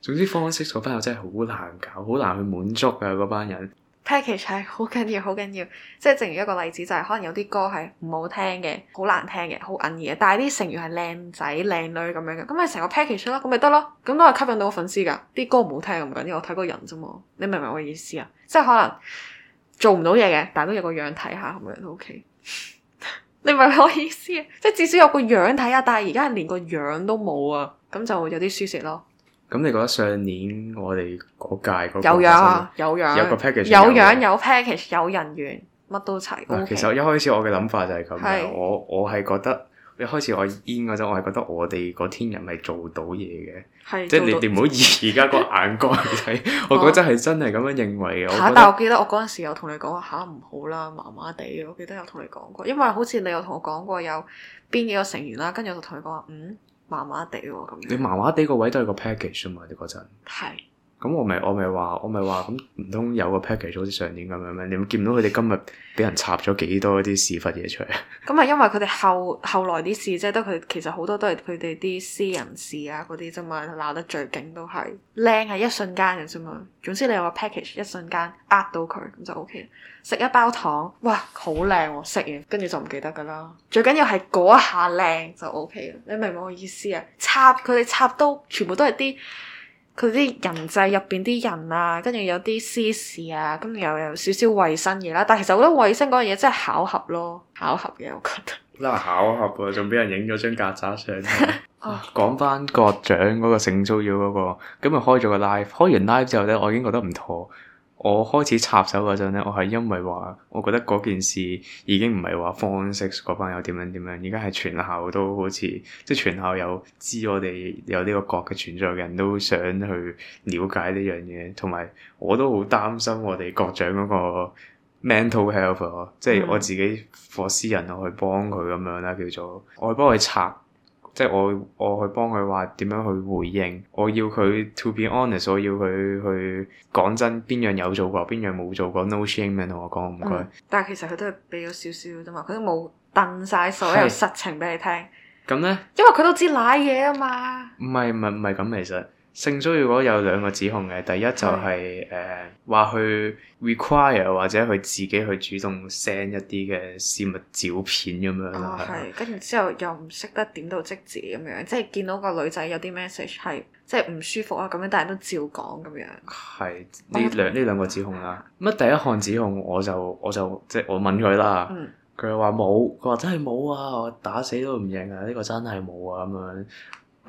S2: 總之方式做翻又真係好難搞，好難去滿足啊嗰班人。
S1: package 係好緊要，好緊要。即係正如一個例子，就係可能有啲歌係唔好聽嘅，好難聽嘅，好銀耳嘅，但係啲成員係靚仔靚女咁樣嘅，咁咪成個 package 咯，咁咪得咯，咁都係吸引到個粉絲㗎。啲歌唔好聽係唔緊要，我睇個人啫嘛。你明唔明我意思啊？即係可能做唔到嘢嘅，但係都有個樣睇下咁樣都 OK。你明唔明我意思啊？即係至少有個樣睇下，但係而家連個樣都冇啊，咁就有啲輸蝕咯。
S2: 咁你覺得上年我哋嗰屆嗰個啊？有樣，有 package，有樣，
S1: 有 package，有人員，乜都齊。嗱、啊，okay. 其實一
S2: 開始我嘅諗法就係咁嘅，我我係覺得一開始我煙嗰陣，我係覺得我哋嗰天人係做到嘢嘅，是即係你哋唔好以而家個眼光嚟睇， [laughs] [laughs] 我覺得係真係咁樣認為嘅。啊、我但係我
S3: 記
S1: 得我嗰陣時有同你講下唔好啦，麻麻地嘅。我記得有同你講過，因為好似你有同我講過有邊幾個成員啦，跟住我就同佢講話嗯。麻麻地喎，咁樣你
S2: 麻麻地個位都係個 package 啊嘛，你嗰陣咁我咪我咪話我咪話咁唔通有個 package 好似上年咁樣咩？你有見到佢哋今日俾人插咗幾多啲屎忽嘢出嚟啊？
S1: 咁係 [laughs] 因為佢哋後後來啲事，即係都佢其實好多都係佢哋啲私人事啊嗰啲啫嘛，鬧得最勁都係靚係一瞬間嘅啫嘛。總之你有個 package 一瞬間呃到佢咁就 OK。食一包糖，哇，好靚喎！食完跟住就唔記得㗎啦。最緊要係嗰一下靚就 OK。你明唔明我意思啊？插佢哋插都全部都係啲。佢啲人際入邊啲人啊，跟住有啲私事啊，跟住又有少少衞生嘢啦、啊。但係其實我覺得衞生嗰樣嘢真係巧合咯，巧合嘅我覺得。
S2: 嗱巧合啊，仲俾人影咗張曱甴相。講翻國獎嗰個性騷擾嗰個，咁就、那個、開咗個 live，開完 live 之後咧，我已經覺得唔妥。我開始插手嗰陣咧，我係因為話我覺得嗰件事已經唔係話 Form Six 嗰班友點樣點樣，而家係全校都好似即係全校有知我哋有呢個國嘅存在，嘅人都想去了解呢樣嘢，同埋我都好擔心我哋國長嗰個 mental health，即係我自己課私人我去幫佢咁樣啦，叫做我去幫佢插。即係我，我去幫佢話點樣去回應，我要佢 to be honest，我要佢去講真，邊樣有做過，邊樣冇做過，no shame，同、嗯、我講唔該。
S1: 但係其實佢都係俾咗少少啫嘛，佢都冇掟晒所有實情俾是你聽。
S2: 咁咧
S1: 呢，因為佢都知瀨嘢啊嘛。
S2: 唔係唔係唔係咁，其實。性騷如果有兩個指控嘅，第一就係誒話去 require 或者佢自己去主動 send 一啲嘅私密照片咁樣咯。哦，係，
S1: 跟住之後又唔識得點到即止咁樣，即係見到個女仔有啲 message 係即係唔舒服啊咁樣，但係都照講咁樣。
S2: 係呢兩呢、哦、兩個指控啦。乜第一項指控我就我就，我就即係我問佢啦，佢又話冇，佢話真係冇啊，我打死都唔認啊，呢、呢個真係冇啊咁樣。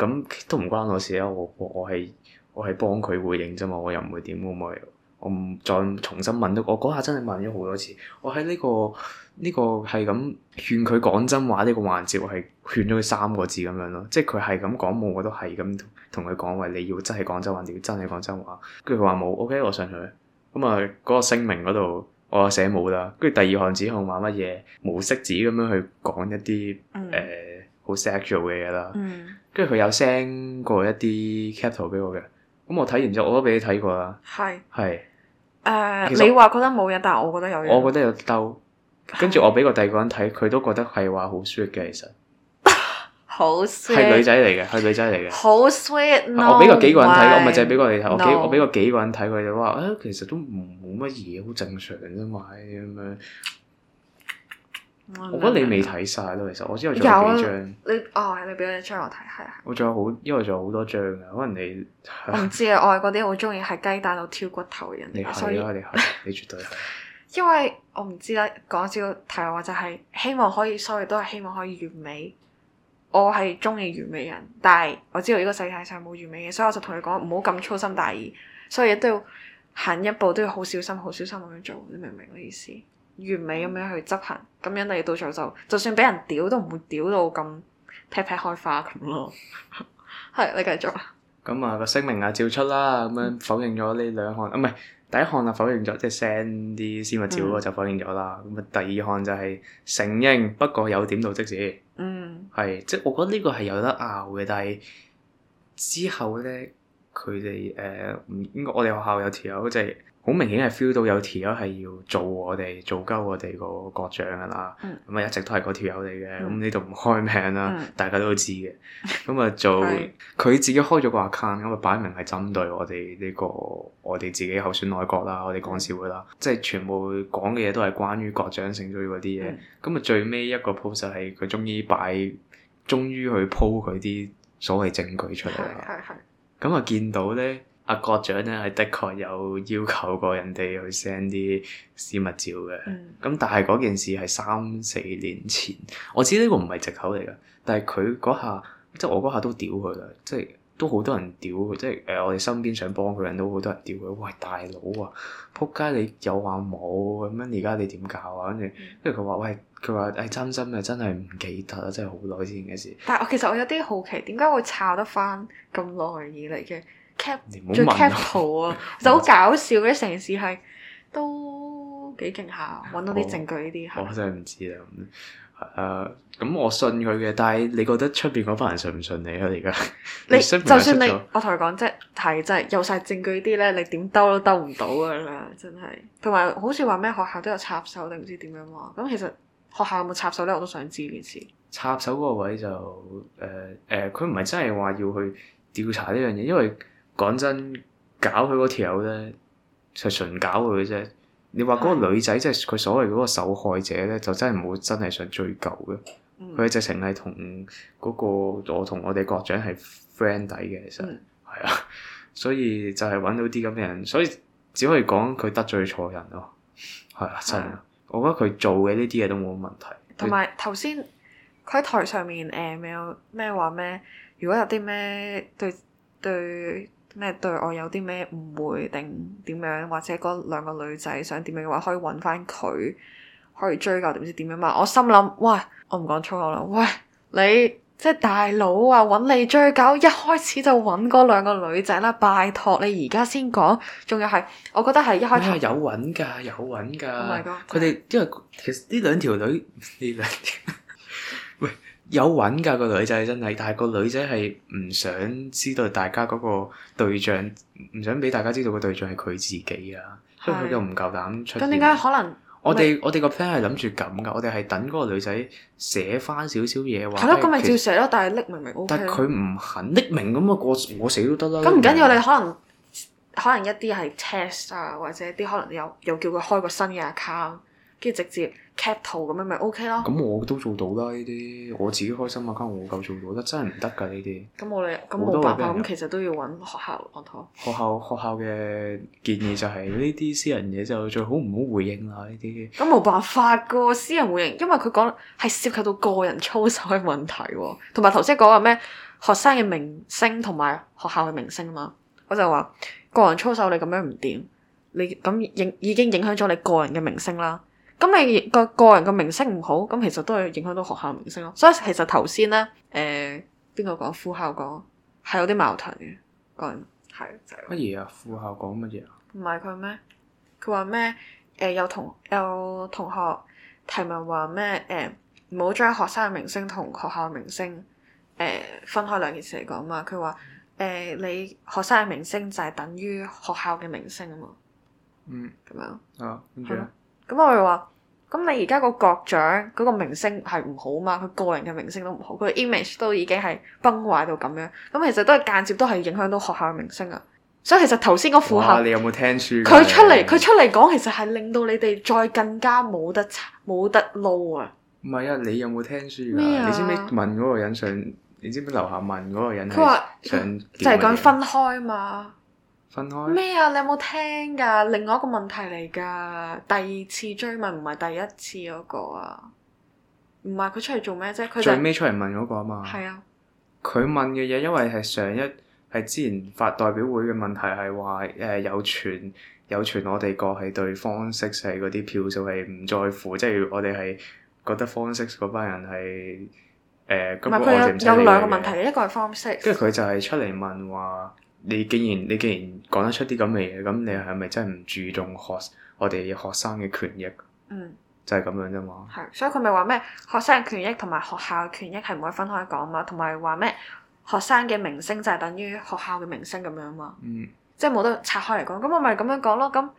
S2: 咁都唔關我事啊！我我我係我係幫佢回應啫嘛，我又唔會點會唔會嘛。我唔再重新問都，我嗰下真係問咗好多次。我喺呢、這個呢、呢個係咁勸佢講真話呢個環節，我係勸咗佢三個字咁樣咯。即係佢係咁講冇，我都係咁同佢講話，你要真係講真話，你要真係講真話。跟住佢話冇，OK，我上去。咁啊，嗰個聲明嗰度我寫冇啦。跟住第二項指控話乜嘢，模式紙咁樣去講一啲誒。嗯好 sexual 嘅嘢啦，跟住佢有 send 過一啲 capital 俾我嘅，咁我睇完之後我都俾你睇過啦。係係，誒，
S1: 呃、你話覺得冇嘢，但係我覺得有嘢。我覺
S2: 得有兜，跟住我俾個第二個人睇，佢都覺得係話好 sweet 嘅，其實
S1: 好 sweet。係女
S2: 仔嚟嘅，係女仔嚟嘅，
S1: 好 sweet，no。我俾
S2: 個幾個人睇，我咪就係俾個你睇。No. 我幾我俾個幾個人睇佢哋，哇！誒，其實都冇乜嘢，好正常啫嘛，咁樣。我，我覺得你未睇晒咯，其實我知仲
S1: 有做幾張。你哦，你俾一張我睇，係
S2: 啊。我仲有好，因為仲有好多張嘅，可能你。唔
S1: 知啊， [laughs] 我係嗰啲好中意喺雞蛋度挑骨頭嘅人。你係啊，所以
S2: 你係，你絕對係。
S1: [laughs] 因為我唔知啦。講少題話就係希望可以，所以都係希望可以完美。我係中意完美人，但係我知道呢個世界上冇完美嘅，所以我就同你講唔好咁粗心大意，所以亦都要行一步都要好小心、好小心咁樣做，你明唔明我意思？完美咁樣去執行，咁樣嚟到就就，就算俾人屌都唔會屌到咁劈劈 t 開花咁咯。係， [laughs] [laughs] 你繼續。
S2: 咁、嗯、 [laughs] 啊，那個聲明啊照出啦，咁樣否認咗呢兩項啊，唔、啊、係第一項啊否認咗，即係 send 啲私密照咯就否認咗啦。咁啊、嗯，第二項就係承認，不過有點到即止。
S3: 嗯。
S2: 係，即係我覺得呢個係有得拗嘅，但係之後咧，佢哋誒，應、呃、該我哋學校有條友即係。好明顯係 feel 到有條友係要做我哋做鳩我哋個國長噶啦，咁啊、嗯、一直都係個條友嚟嘅，咁呢度唔開名啦，嗯、大家都知嘅。咁啊做佢是自己開咗個 account，咁啊擺明係針對我哋呢、呢個我哋自己候選內閣啦，我哋講笑㗎啦，即係全部講嘅嘢都係關於國長性追嗰啲嘢。咁啊是最尾一個 post 係佢終於擺，終於去 po 佢啲所謂證據出嚟啦。咁啊見到咧。阿郭長咧係的確有要求過人哋去 send 啲私密照嘅，咁、嗯、但係嗰件事係三四年前，我知呢個唔係藉口嚟㗎，但係佢嗰下即係我嗰下都屌佢啦，即係都好多人屌佢，即係誒我哋身邊想幫佢人都好多人屌佢，喂大佬啊，撲街你有話冇咁樣，而家你點搞啊？跟住，跟住佢話：喂，佢話誒真心咪真係唔記得啦，真係好耐之前嘅事。
S1: 但係我其實我有啲好奇，點解會查得返咁耐以嚟嘅？最 cap 圖啊，就好 [laughs] [laughs] 搞笑嘅，成件事係都幾勁下，搵到啲證據呢啲係。Oh, 吧我
S2: 真係唔知啦，誒、嗯，咁、呃、我信佢嘅，但係你覺得出邊嗰班人信唔信你啊？而 [laughs] 家你， [laughs] 你就算你，
S1: 我同佢講即係係真係有晒證據呢啲咧，你點兜都兜唔到㗎啦，真係。同埋好似話咩學校都有插手定唔知點樣話咁，其實學校有冇插手咧，我都想知件事。
S2: 插手嗰個位就誒誒，佢唔係真係話要去調查呢樣嘢，因為。講真，搞佢嗰條友咧，就純搞佢嘅啫。你話嗰個女仔，的即係佢所謂嗰個受害者咧，就真係唔會真係想追究嘅。佢、嗯、直情係同嗰個我同我哋國長係 friend 底嘅，其實係啊、嗯。所以就係揾到啲咁嘅人，所以只可以講佢得罪錯人咯。係啊，真係。的我覺得佢做嘅呢啲嘢都冇問題。
S1: 同埋頭先，佢喺台上面誒，咪有咩話咩？如果有啲咩對對？對咩對我有啲咩誤會定點樣，或者嗰兩個女仔想點樣嘅話，可以揾翻佢，可以追究點知點樣嘛？我心諗，喂，我唔講粗口啦，喂，你即係、就是、大佬啊，揾你追究，一開始就揾嗰兩個女仔啦，拜託你而家先講，仲要係，我覺得係一開始有
S2: 揾噶，有搵噶，唔係佢哋因為其實呢兩條女，呢兩條有揾㗎、個女仔真係，但係個女仔係唔想知道大家嗰個對象，唔想俾大家知道個對象係佢自己啊，所以佢又唔夠膽出。咁點解可能？我哋們因為 我哋個 plan 係諗住咁㗎，我哋係等嗰個女仔寫翻少少嘢話。係咯，咁咪照寫
S1: 咯，實但係匿名咪但係佢
S2: 唔肯匿名咁啊，我我寫都得啦。咁唔緊
S1: 要，你可能可能一啲係 test 啊，或者啲可能有有，有叫佢開個新嘅 account，跟住直接。劇圖咁樣咪 OK 囉。咁
S2: 我都做到啦，呢啲我自己開心啊，靠我夠做到得，真係唔得噶呢啲。
S1: 咁我哋咁冇辦法，咁其實都要揾學校講，
S2: 學校學校嘅建議就係呢啲私人嘢就最好唔好回應啦，呢啲。
S1: 咁冇辦法噶，私人回應，因為佢講係涉及到個人操守嘅問題喎，同埋頭先講話咩學生嘅名聲同埋學校嘅名聲啊嘛，我就話個人操守你咁樣唔掂，你咁影已經影響咗你個人嘅名聲啦。咁你個個人嘅名聲唔好，咁其實都係影響到學校名聲咯。所以其實頭先咧，誒邊個講副校講係有啲矛盾嘅，個人係就係乜
S2: 嘢啊？副校講乜嘢啊？
S1: 唔係佢咩？佢話咩？誒、呃、有同有同學提問話咩？誒唔好將學生嘅名聲同學校嘅名聲誒、呃、分開兩件事嚟講啊嘛。佢話誒你學生嘅名聲就係等於學校嘅名聲啊嘛。嗯，
S3: 咁樣啊，係
S1: 咯。咁我哋話。咁你而家個國長嗰個明星係唔好嘛。佢個人嘅明星都唔好，佢 image 都已經係崩壞到咁樣。咁其實都係間接都係影響到學校嘅明星啊。所以其實頭先個
S2: 副校，你有冇聽書？佢出嚟佢出
S1: 嚟講，其實係令到你哋再更加冇得冇得撈啊。唔係
S2: 啊，你有冇聽書㗎？啊、你知唔知問嗰個人想？你知唔知樓下問嗰個人說？佢話想就係講分開嘛。咩
S1: 啊？你有冇聽噶？另外一個問題嚟噶，第二次追問唔係第一次嗰個啊？唔係佢出嚟做咩啫？佢、就是、最尾
S2: 出嚟問嗰個啊嘛？係啊。佢問嘅嘢，因為係上一係之前發代表會嘅問題，係話誒有傳有傳我哋國係對方式係嗰啲票數係唔在乎，即係我哋係覺得 form 6嗰班人係誒咁，唔、呃、知。佢有有兩個問
S1: 題，一個係 form 6。跟住
S2: 佢就係出嚟問話。你既然你既然講得出啲咁嘅嘢，咁你係咪真係唔注重學我哋學生嘅權益？嗯，就係咁樣啫嘛。
S1: 係，所以佢咪話咩學生嘅權益同埋學校嘅權益係唔可以分開講嘛？同埋話咩學生嘅名聲就係等於學校嘅名聲咁樣嘛？嗯，即係冇得拆開嚟講。咁我咪咁樣講咯。咁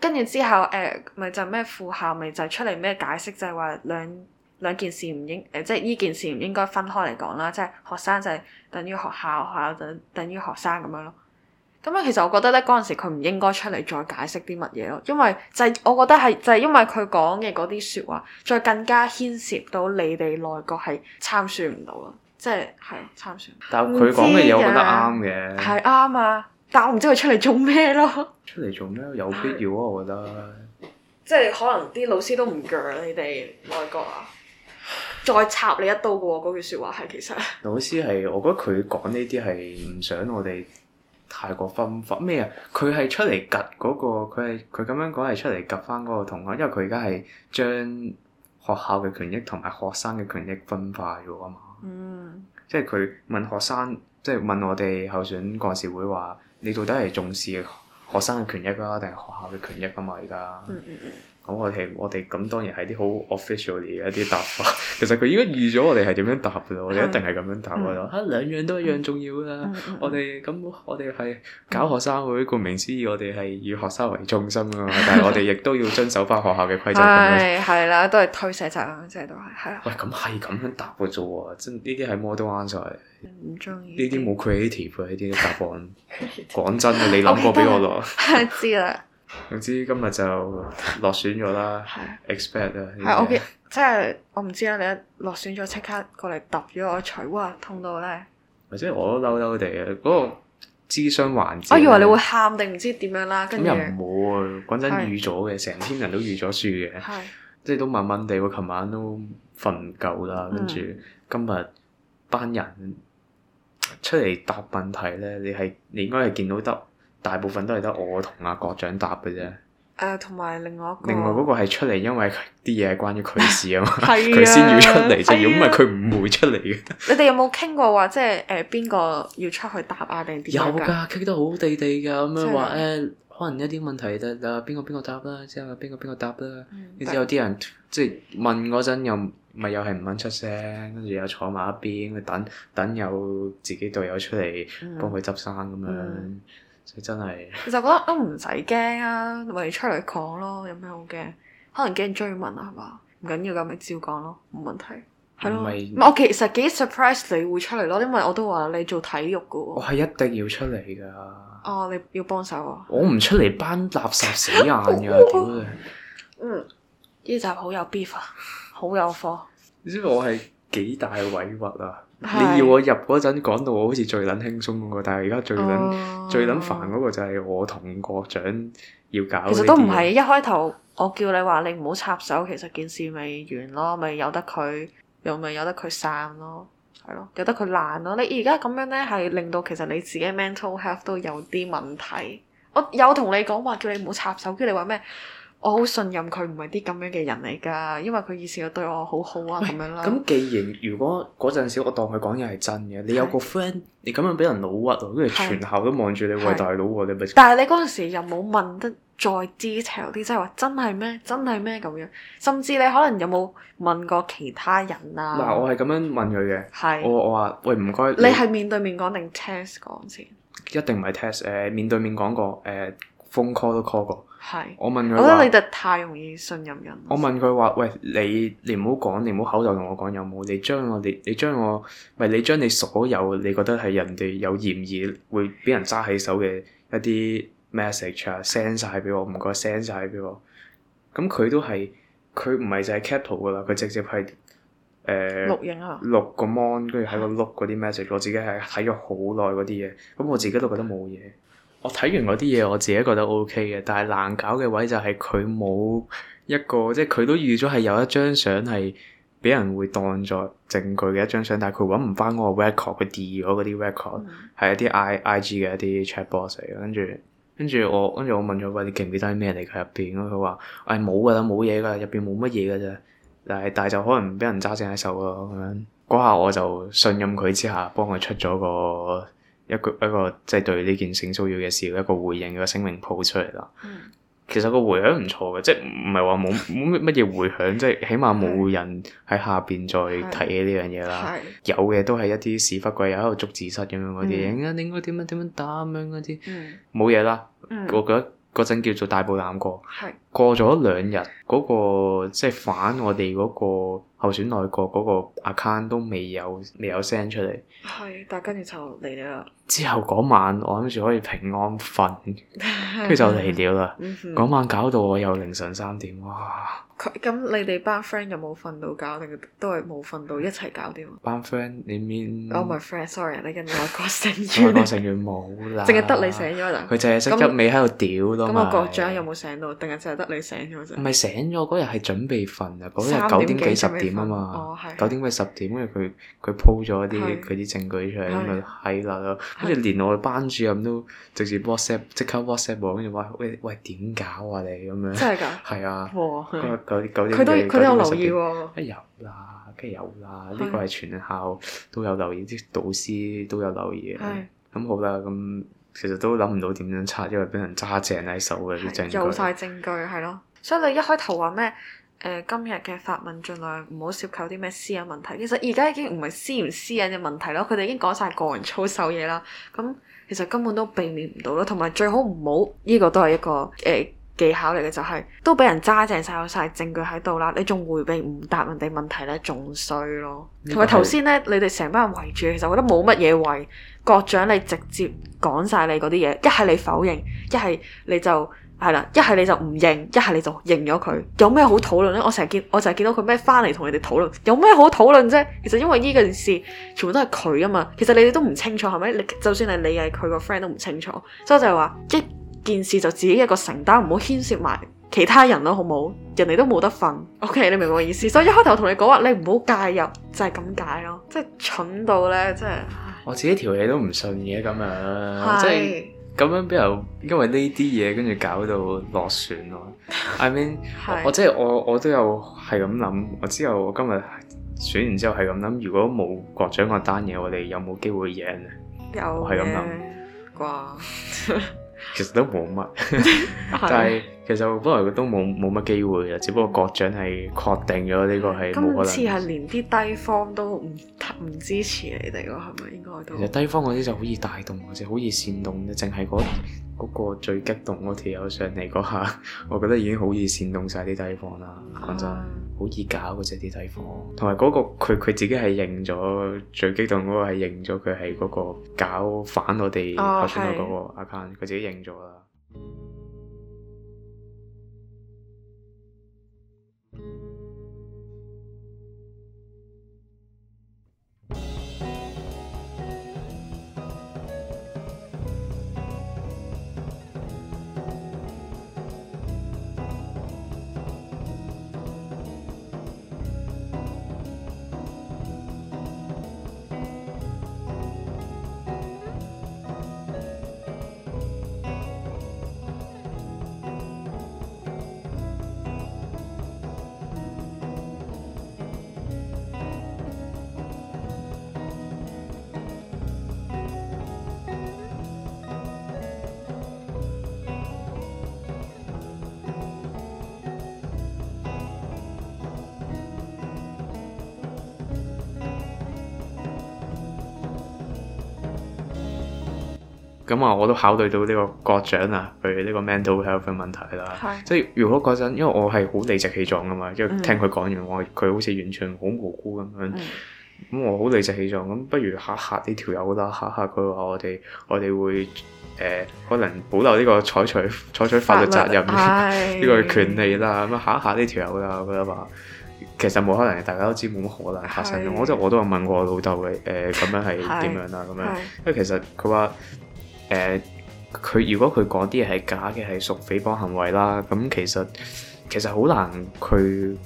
S1: 跟住之後，誒、呃、咪就咩、係、副校咪就係、出嚟咩解釋，就係、係、話兩，兩件事唔應誒，即係呢件事唔應該分開嚟講啦。即係學生就係等於學校，學校等等於學生咁樣咯。咁樣其實我覺得咧，嗰陣時佢唔應該出嚟再解釋啲乜嘢咯，因為就係我覺得係就係、是、因為佢講嘅嗰啲説話，再更加牽涉到你哋內閣係參選唔到啦。即係係參選。但佢講嘅嘢，我覺得啱嘅、啊。係啱啊！但我唔知佢出嚟做咩咯。
S2: 出嚟做咩？有必要啊！我覺得。
S1: [laughs] 即係可能啲老師都唔鋸你哋內閣啊。再插你一刀嘅喎，哦，嗰句説話係其實。
S2: 老師係我覺得佢講呢啲係唔想我哋太過分化咩啊？佢係出嚟夾嗰個，佢係佢咁樣講係出嚟夾返嗰個同學，因為佢而家係將學校嘅權益同埋學生嘅權益分化咗啊嘛。
S3: 嗯。
S2: 即係佢問學生，即係問我哋候選幹事會話：你到底係重視學生嘅權益啊，定係學校嘅權益啊嘛？而家。嗯嗯嗯。咁我哋我哋咁當然係啲好 official 啲嘅一啲答法，其實佢應該預咗我哋係點樣答嘅，我哋一定係咁樣答嘅咯。嚇兩樣都一樣重要啦，我哋咁我哋係搞學生會，顧名思義我哋係以學生為中心啊，但係我哋亦都要遵守翻學校嘅規則。係
S1: 係啦，都係推卸責任，即係都係。
S2: 喂，咁係咁樣答嘅啫喎，呢啲係 model answer，唔中意呢啲冇 creative 呢啲答案。講真你諗過俾我咯。
S1: 知啦。
S2: 總之今日就落選咗啦，expect 啊，係 OK，即
S1: 係我唔知啊。你一落選咗，即刻過嚟揼咗我一槌，哇，痛到咧！
S2: 或者我都嬲嬲哋啊，嗰、那個諮詢環節，我以為你會
S1: 喊定唔知點樣啦，跟住又
S2: 唔會，嗰陣預咗嘅，成千是人都預咗輸嘅，是即係都慢慢地。我琴晚都瞓唔夠啦，跟住、嗯、今日班人出嚟答問題咧，你係你應該係見得到得，大部分都係得我同阿國長答嘅啫，
S1: 誒，同埋另外
S2: 一個，另外嗰個係出嚟，因為啲嘢係關於佢事啊嘛，佢先、 [laughs] 啊、要出嚟，就如果唔係佢唔會出嚟
S1: 嘅。你哋有冇傾過話，即係誒邊個要出去答啊？定有噶，
S2: 傾得好地地噶，咁樣話誒，可能一啲問題得，邊個邊個答啦、啊，之、啊嗯、後邊個邊個答啦。然之後啲人即係問嗰陣又咪又係唔肯出聲，跟住又坐埋一邊，等等有自己隊友出嚟幫佢執生咁樣。嗯。就真係，
S1: 其實覺得都唔使驚啊，咪出嚟講咯，有咩好驚？可能驚追問啊，係嘛？唔緊要㗎，咪照講咯，冇問題，
S2: 係咯是。咪我其
S1: 實幾 surprise 你會出嚟咯，因為我都話你做體育㗎喎。我
S2: 係一定要出嚟㗎。
S1: 哦、啊，你要幫手啊？我
S2: 唔出嚟，班垃圾死眼㗎，屌你！ [laughs] [laughs] 嗯，呢集有、
S1: 啊、 [laughs] 好有 beef 課啊，好有貨。
S2: 你知我係。幾大委屈啊！是你要我入嗰陣，講到我好似最捻輕鬆嗰個，但係而家最捻、uh, 最捻煩嗰個就係我同個長要搞。其實都唔
S1: 係，情一開頭我叫你話你唔好插手，其實件事未完咯，咪由得佢，又咪由得佢散咯，係咯，由得佢爛咯。你而家咁樣呢，係令到其實你自己 mental health 都有啲問題。我有同你講話叫你唔好插手，跟住你話咩？我好信任佢，唔係啲咁樣嘅人嚟噶，因為佢以前有對我好好啊，咁喂樣啦。咁
S2: 既然如果嗰陣時我當佢講嘢係真嘅，的你有個 friend，你咁樣俾人老屈咯，啊，跟住的全校都望住你的喂大佬，你咪。但係
S1: 你嗰陣時又冇問得再 detail 啲，即係話真係咩？真係咩咁樣？甚至你可能有冇問過其他人啊？嗱、呃，我
S2: 係咁樣問佢嘅。係的。我我話喂，唔該。你係
S1: 面對面講定 text 講先一？
S2: 一定唔係 text 誒，面對面講過，誒、呃、phone call 都 call 過。係，我問佢我覺得你哋
S1: 太容易信任人。
S2: 我問佢話，喂，你你唔好講，你唔好口頭同我講有冇？你將我你你將我，唔係你將你,你所有你覺得係人哋有嫌疑會俾人揸起手嘅一啲 message 啊，send 晒俾我，唔該 send 晒俾我。咁佢都係，佢唔係就係 capture 㗎啦，佢直接係誒錄影啊，錄個 mon 跟住喺個錄嗰啲 message，我自己係睇咗好耐嗰啲嘢，咁我自己都覺得冇嘢。嗯我睇完嗰啲嘢，我自己覺得 OK 嘅，但係難搞嘅位就係佢冇一個，即係佢都預咗係有一張相係俾人會當作證據嘅一張相，但係佢揾唔返嗰個 record，佢 delete 咗嗰啲 record，係一啲 IG 嘅一啲 chat box 嚟嘅，跟住跟住我跟住我問佢，喂，你記唔記得啲咩嚟佢入邊？佢話唉，冇㗎啦，冇嘢㗎，入邊冇乜嘢㗎啫。但係但係就可能俾人揸正喺手咯咁樣。嗰下我就信任佢之下，幫佢出咗個。一個一個，即係對呢件性騷擾嘅事一個回應、一個聲明抱出嚟啦。其實個回響唔錯嘅，即係唔係話冇冇乜嘢回響， [laughs] 即係起碼冇人喺下邊再提嘅呢樣嘢啦。有嘅都係一啲屎忽鬼又喺度捉字塞捉字蝨咁樣嗰啲，嗯啊、你應該點樣點樣打咁樣嗰啲。冇嘢啦，我覺得。嗰陣叫做大步檻是過，過咗兩日，嗰個即係反我哋嗰個候選內閣嗰個 account 都有未有未有聲出嚟，
S1: 係，但係跟住就嚟咗啦。
S2: 之後嗰晚我諗住可以平安瞓，跟
S1: 住 [laughs] 就嚟咗啦。嗰 [laughs]
S2: 晚搞到我又凌晨三點，哇！
S1: 佢咁你哋班 friend 有冇瞓到覺定都係冇瞓到一齊搞掂？
S2: 班 friend 你面，我唔係
S1: friend，sorry，你跟住我個成員，我個
S2: 成員冇啦，淨係得你醒咗啦。佢淨係識一味喺度屌咯。咁個局
S1: 長有冇醒到？定係淨係得你醒咗啫？唔
S2: 係醒咗嗰日係準備瞓啊！嗰日九點幾十點啊嘛，九點幾十點，跟住佢，佢鋪咗一啲佢啲證據出嚟咁就閪啦咯。跟住連我班主任都直接 WhatsApp，即刻 WhatsApp 我，跟住話喂，喂點搞啊你咁樣？真係㗎？係啊。佢都佢 90 都有留意喎、哎，有啦，梗係有啦，呢的個係全校都有留意，啲導師都有留意嘅。咁的好啦，咁其實都諗唔到點樣拆，因為俾人揸正喺手嘅證據，有晒
S1: 證據係咯。所以你一開頭話咩？誒、呃，今日嘅發問盡量唔好涉及啲咩私隱問題。其實而家已經唔係私唔私隱嘅問題咯，佢哋已經講晒個人操守嘢啦。咁其實根本都避免唔到咯。同埋最好唔好，呢個都係一個誒。欸技巧嚟嘅就係、是、都俾人揸正晒有晒證據喺度啦。你仲回避唔答人哋問題咧，仲衰咯。同埋頭先咧， [noise] 你哋成班人圍住，其實我覺得冇乜嘢圍。國長你直接講晒你嗰啲嘢，一係你否認，一係你就係啦，一係你就唔認，一係你就認咗佢。有咩好討論咧？我成日見，我成日見到佢咩翻嚟同人哋討論，有咩好討論啫？其實因為呢件事全部都係佢啊嘛。其實你哋都唔清楚係咪？你就算係你係佢個 friend 都唔清楚。所以我就係話一件事就自己一個承擔，唔好牽涉埋其他人咯，好唔好？人哋都冇得瞓。OK，你明我意思？所以一開頭我同你講話，你唔好介入，就係咁解咯。即係蠢到呢，即係
S2: 我自己條嘢都唔信嘅咁樣，是即係咁樣，邊有因為呢啲嘢跟住搞到落選咯？I mean，是我，我即係我我都有係咁諗。我之後我今日選完之後係咁諗：如果冇國獎個單嘢，有有的我哋有冇機會贏？
S1: 有係咁諗啩？ [laughs]
S2: 其實都冇乜， [laughs] 但係其實本來都冇冇乜機會嘅，只不過國長係確定咗呢個係冇可能，今次係
S1: 連啲低方都唔唔支持你哋咯，係咪應該都？其實
S2: 低方嗰啲就好易帶動，或者好易煽動嘅，淨係嗰嗰個最激動嗰條友上嚟嗰下，我覺得已經好易煽動晒啲低方啦。講真。啊好易搞嗰隻啲地方，同埋嗰個佢佢自己係認咗，最激動嗰個係認咗，佢係嗰個搞反我哋核酸嗰個 account，oh, yes. 佢自己認咗啦。咁啊、嗯，我都考慮到呢個國長啊，譬如呢個 mental health 嘅問題啦。是即係如果嗰陣，因為我係好理直氣壯㗎嘛，因為聽佢講完，我完是、嗯，我佢好似完全好無辜咁樣。咁我好理直氣壯，咁不如嚇嚇呢條友啦，嚇嚇佢話我哋我哋會誒、呃、可能保留呢個採取採取法律責任呢個言權利啦。咁嚇嚇呢條友啦，我覺得話其實冇可能，大家都知冇乜可能發生。是我，我都有問過我老豆嘅誒咁樣係點樣啦咁樣，因為其實佢話。誒，佢、呃、如果佢講啲嘢係假嘅，係屬誹謗行為啦。咁其實其實好難去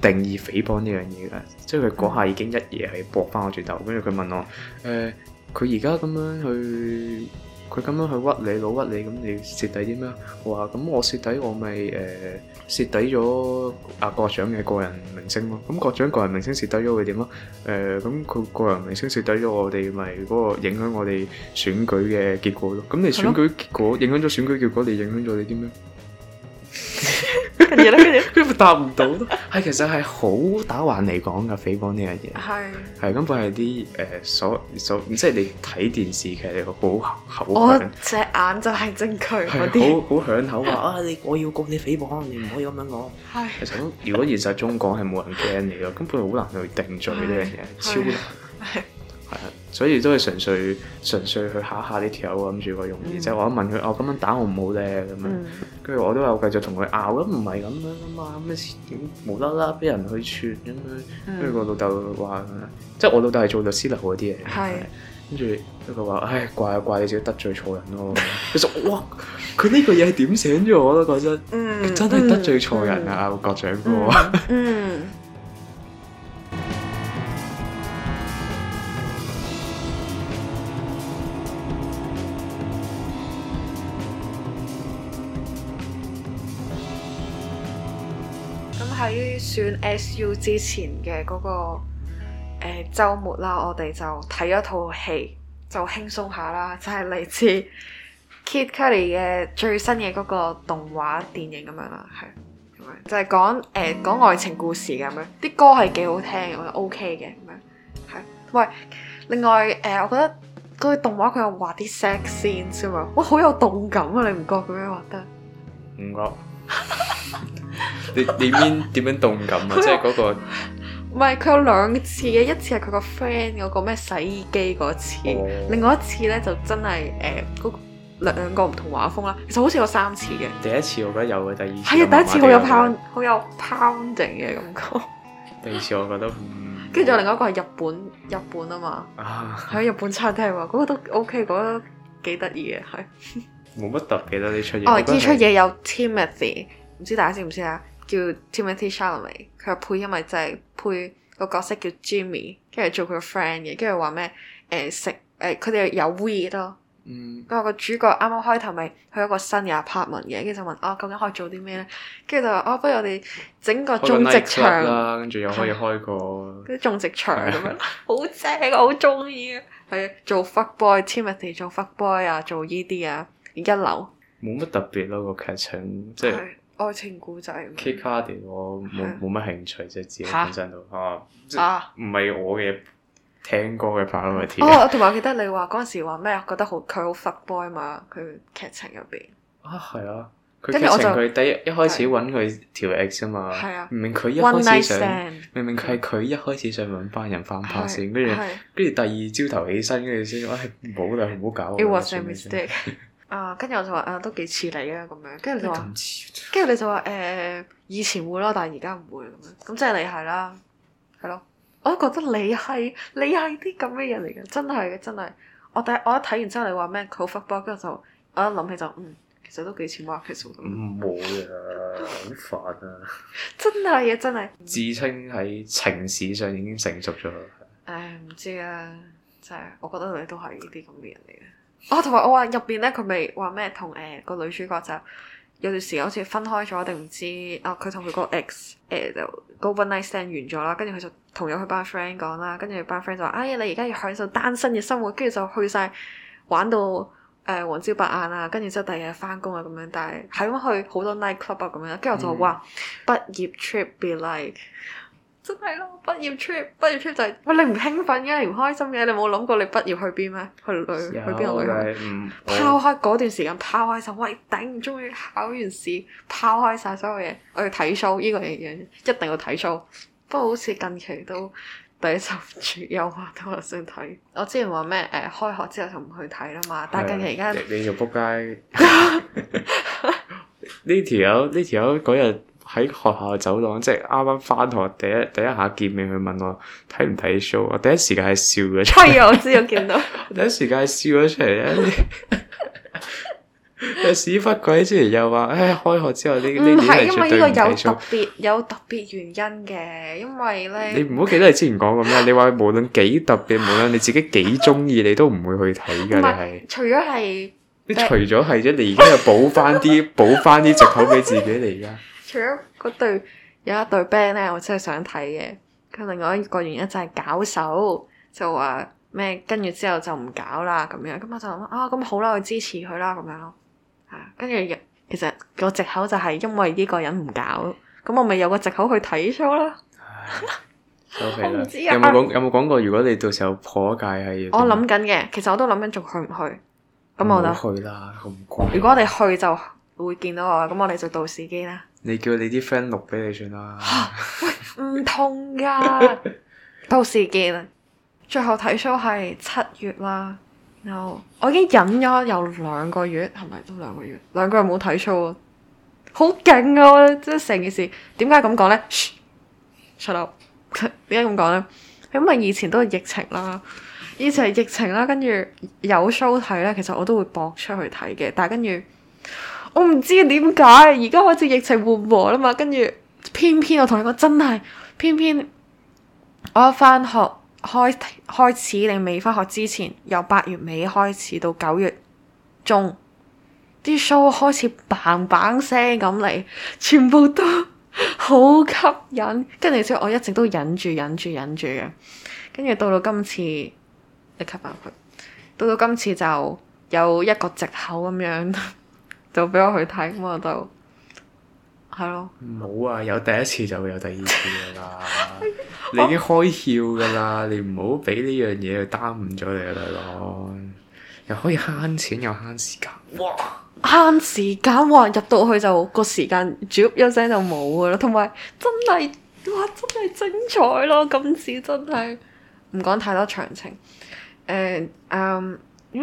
S2: 定義誹謗呢樣嘢嘅，即係佢嗰下已經一嘢係駁返我轉頭，跟住佢問我誒，佢而家咁樣去。佢咁樣去屈你，老屈你，咁你蝕底啲咩？我話咁我蝕底，我咪誒蝕底咗阿、啊、國獎嘅、呃、個人名聲咯。咁國獎個人名聲蝕底咗會點咯？誒咁佢個人名聲蝕底咗，我哋咪嗰個影響我哋選舉嘅結果咯。咁你選舉結果了影響咗選舉結果，你影響咗你啲咩？跟住咧，跟住佢答唔到咯。係， [laughs] 其實係好打橫嚟講㗎，誹謗呢樣嘢。係是。係根本係啲誒所所，即係你睇電視劇嚟個好口。我
S1: 隻眼就係證據嗰啲。好
S2: 好響口話啊！你我要告你誹謗，你唔可以咁樣講。係是。其實如果現實中講係冇人驚你咯，根本好難去定罪呢樣嘢，超難。係所以都係純粹純粹去嚇下呢條友啊，諗住個容易。即係我一問佢，哦咁樣打我唔好咧咁樣，跟住、嗯、我都話我繼續同佢拗，咁唔係咁樣啊嘛，咁點無啦啦俾人去串咁樣，跟住、嗯、我老豆話，即係我老豆係做律師啦嗰啲嘢，跟住佢話唉怪啊怪，你自己得罪錯人咯，啊，其實哇佢呢個嘢係點醒咗我都覺得，嗯
S3: 嗯、真係得罪
S2: 錯人啊！阿、嗯嗯、國長哥。嗯嗯
S1: 選 SU 之前嘅、嗰那個誒周呃、末啦，我哋就睇咗套戲，就輕鬆下啦，就係、是嚟自 Kid Cudi 嘅最新嘅嗰個動畫電影咁樣啦，係咁樣就係講誒講愛情故事咁樣，啲歌係幾好聽，我覺得 OK 嘅咁樣係。喂，另外誒呃，我覺得嗰個動畫佢有畫啲 sex scene 先嘛，哇，好有動感啊，你唔覺嘅咩？畫得
S2: 唔覺。 [laughs] 你點樣點樣動感啊！即係嗰個，
S1: 唔係佢有兩次嘅，一次係佢個 friend 嗰個咩洗衣機嗰次，另外一次咧就真係誒嗰兩個唔同畫風啦，其實好似有三次嘅。
S2: 第一次我覺得有嘅，第二次係啊，第一次好有 pow
S1: 好有 pounding 嘅感覺。
S2: 第二次我覺得，跟住
S1: 仲有另一個係日本日本啊嘛，喺日本餐廳啊，嗰個都 OK，覺得幾得意嘅
S2: 係。冇乜特別多呢出嘢，哦，呢出嘢
S1: 有 timidity 唔知大家知唔知啊？叫 Timothy Chalamet，佢又配，音咪就係配個角色叫 Jimmy，跟住做佢個 friend 嘅，跟住話咩？誒、呃、食誒，佢、呃、哋有 weed 咯。嗯。跟住個主角啱啱開頭咪去一個新嘅 apartment 嘅，跟住就問啊，究竟可以做啲咩咧？跟住就話哦、啊，不如我哋整個種植場啦，跟
S2: 住又可以開個。啲種 [laughs] 植場咁樣，
S1: 好正， [laughs] [laughs] 我好中意啊！係做 fuck boy Timothy，做 fuck boy 啊，做依啲啊，一流。
S2: 冇乜特別咯，個劇情即係。 [laughs] [laughs]
S1: 愛情故仔。K
S2: 卡迪我冇冇乜興趣，即係自己本身都嚇。唔係我嘅聽歌嘅 part 哦，我
S1: 同埋記得你話嗰陣時話咩？覺得好佢好 fuck boy 嘛？佢劇情入邊。
S2: 啊，係啊。跟住我就第一一開始揾佢條 x 啊嘛。係啊。明明佢一開始想，明明佢係佢一開始想揾班人翻拍先，跟住跟住第二朝頭起身跟住先話係冇啦，唔好搞。It was a mistake.
S1: 啊，跟住我就話啊，都幾似你啊，咁樣。跟住就，跟住你就話誒麼、呃，以前會咯，但係而家唔會咁樣。咁即係你係啦，係咯。我都覺得你係你係啲咁嘅人嚟嘅，真係嘅，真係。我第一我一睇完之後你，你話咩佢好發噃，跟住就我一諗起就嗯，其實都幾似 Marcus。唔
S2: 會啊，好煩啊！
S1: [laughs] 真係嘅，真係。真
S2: 自稱喺情史上已經成熟咗。誒唔、哎、
S1: 知啦，真係我覺得你都係呢啲咁嘅人嚟嘅。哦、我同埋我話入邊咧，佢咪話咩同誒個女主角就有段時間好似分開咗定唔知啊？佢同佢個 ex 誒就 one night stand 完咗啦，跟住佢就同咗佢班 friend 講啦，跟住班 friend 就話：哎、欸、呀，你而家要享受單身嘅生活，跟住就去晒玩到誒、欸、黃朝白晏啊！跟住之後第二日翻工啊咁樣，但係係咁去好多 night club 啊咁樣，跟住我就話、嗯、畢業 trip be like。真係咯，畢業 trip，畢業 trip 就係喂，你唔興奮嘅？你唔開心嘅？你冇諗過你畢業去邊咩？去旅去邊度旅行？
S3: 拋
S1: 開嗰段時間，拋開曬喂，頂，終於考完試，拋開曬所有嘢，我要睇 show。依個嘢嘢一定要睇 show。不過好似近期都抵受唔住，又話到想睇。我之前話咩誒，開學之後就唔去睇啦嘛。但近期而家你
S2: 要仆街。呢條友呢條友嗰日。喺學校走廊，即係啱啱翻學第一第一下見面，佢問我睇唔睇 show？我第一時間係笑咗出嚟。係啊，我知道我見到。第一時間笑咗出嚟咧， [laughs] 屎忽鬼！之前又話，誒，開學之後呢啲唔係因為呢個有特
S1: 別有特別原因嘅，因為咧你唔好記得
S2: 你之前講咁樣，你話無論幾特別，無論你自己幾中意， [laughs] 你都唔會去睇噶。你係，
S1: 除咗係，你除咗
S2: 係啫， [laughs] 你而家又補翻啲補翻啲藉口俾自己嚟噶。
S1: 除咗嗰對有一對 band 咧，我真係想睇嘅。佢另外一個原因就係搞手，就話咩跟住之後就唔搞啦咁樣。咁我就諗啊，咁好啦，我去支持佢啦咁樣。係啊，跟住其實個藉口就係因為呢個人唔搞，咁我咪有個藉口去睇 show 啦。
S2: 有冇講有冇講過？如果你到時候破戒界係我諗
S1: 緊嘅，啊、其實我都諗緊，仲去唔去？
S2: 咁那麼 我就去啦，咁貴。
S1: 如果我哋去就會見到我，咁我哋就到士機啦。
S2: 你叫你啲 friend 錄俾你算啦。
S1: 喂 [laughs] 的，唔同㗎，到時見。 [laughs] 最後睇 show 係七月啦，然、no. 後我已經忍咗有兩個月，係咪都兩個月？兩個月冇睇 show，啊，好勁啊！即係成件事，點解咁講呢？徐立，點解咁講呢？因為以前都係疫情啦，以前係疫情啦，跟住有 show 睇呢，其實我都會搏出去睇嘅，但係跟住。我唔知點解，而家開始疫情緩和啦嘛，跟住偏偏我同你講真係，偏偏我一翻學開開始定未翻學之前，由八月尾開始到九月中，啲 show 開始 bang bang 聲咁嚟，全部都好吸引，跟住所以我一直都忍住忍住忍住嘅，跟住到到今次一吸入去，到到今次就有一個藉口咁樣。就畀我去睇嘛，我就係咯。
S2: 唔好啊！有第一次就會有第二次噶啦， [laughs] 你已經開竅噶啦， [laughs] 你唔好俾呢樣嘢去耽誤咗你啊，大佬！又可以慳錢又慳時間。
S1: 哇！慳時間哇！入到去就個時間 jump 一聲就冇噶啦，同埋真係哇，真係精彩咯！今次真係唔講太多詳情。誒，嗯。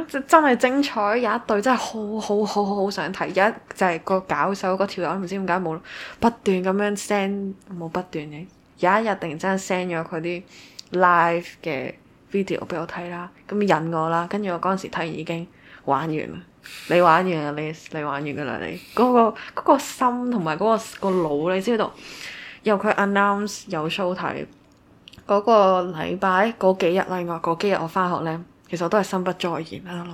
S1: 真真係精彩，有一對真係好好好好好想睇。有一就係個搞手個條友唔知點解冇不斷咁樣 send，冇不斷嘅。有一日突然之間 send 咗佢啲 live 嘅 video 俾我睇啦，咁引我啦。跟住我嗰陣時睇完已經玩完啦。你玩完啦，你你玩完噶啦，你嗰個嗰個心同埋嗰個個腦，你知道？由佢 announce 有 show 睇嗰個禮拜嗰幾日啦，我嗰幾日我翻學咧。其實我都係心不在焉啦，諗，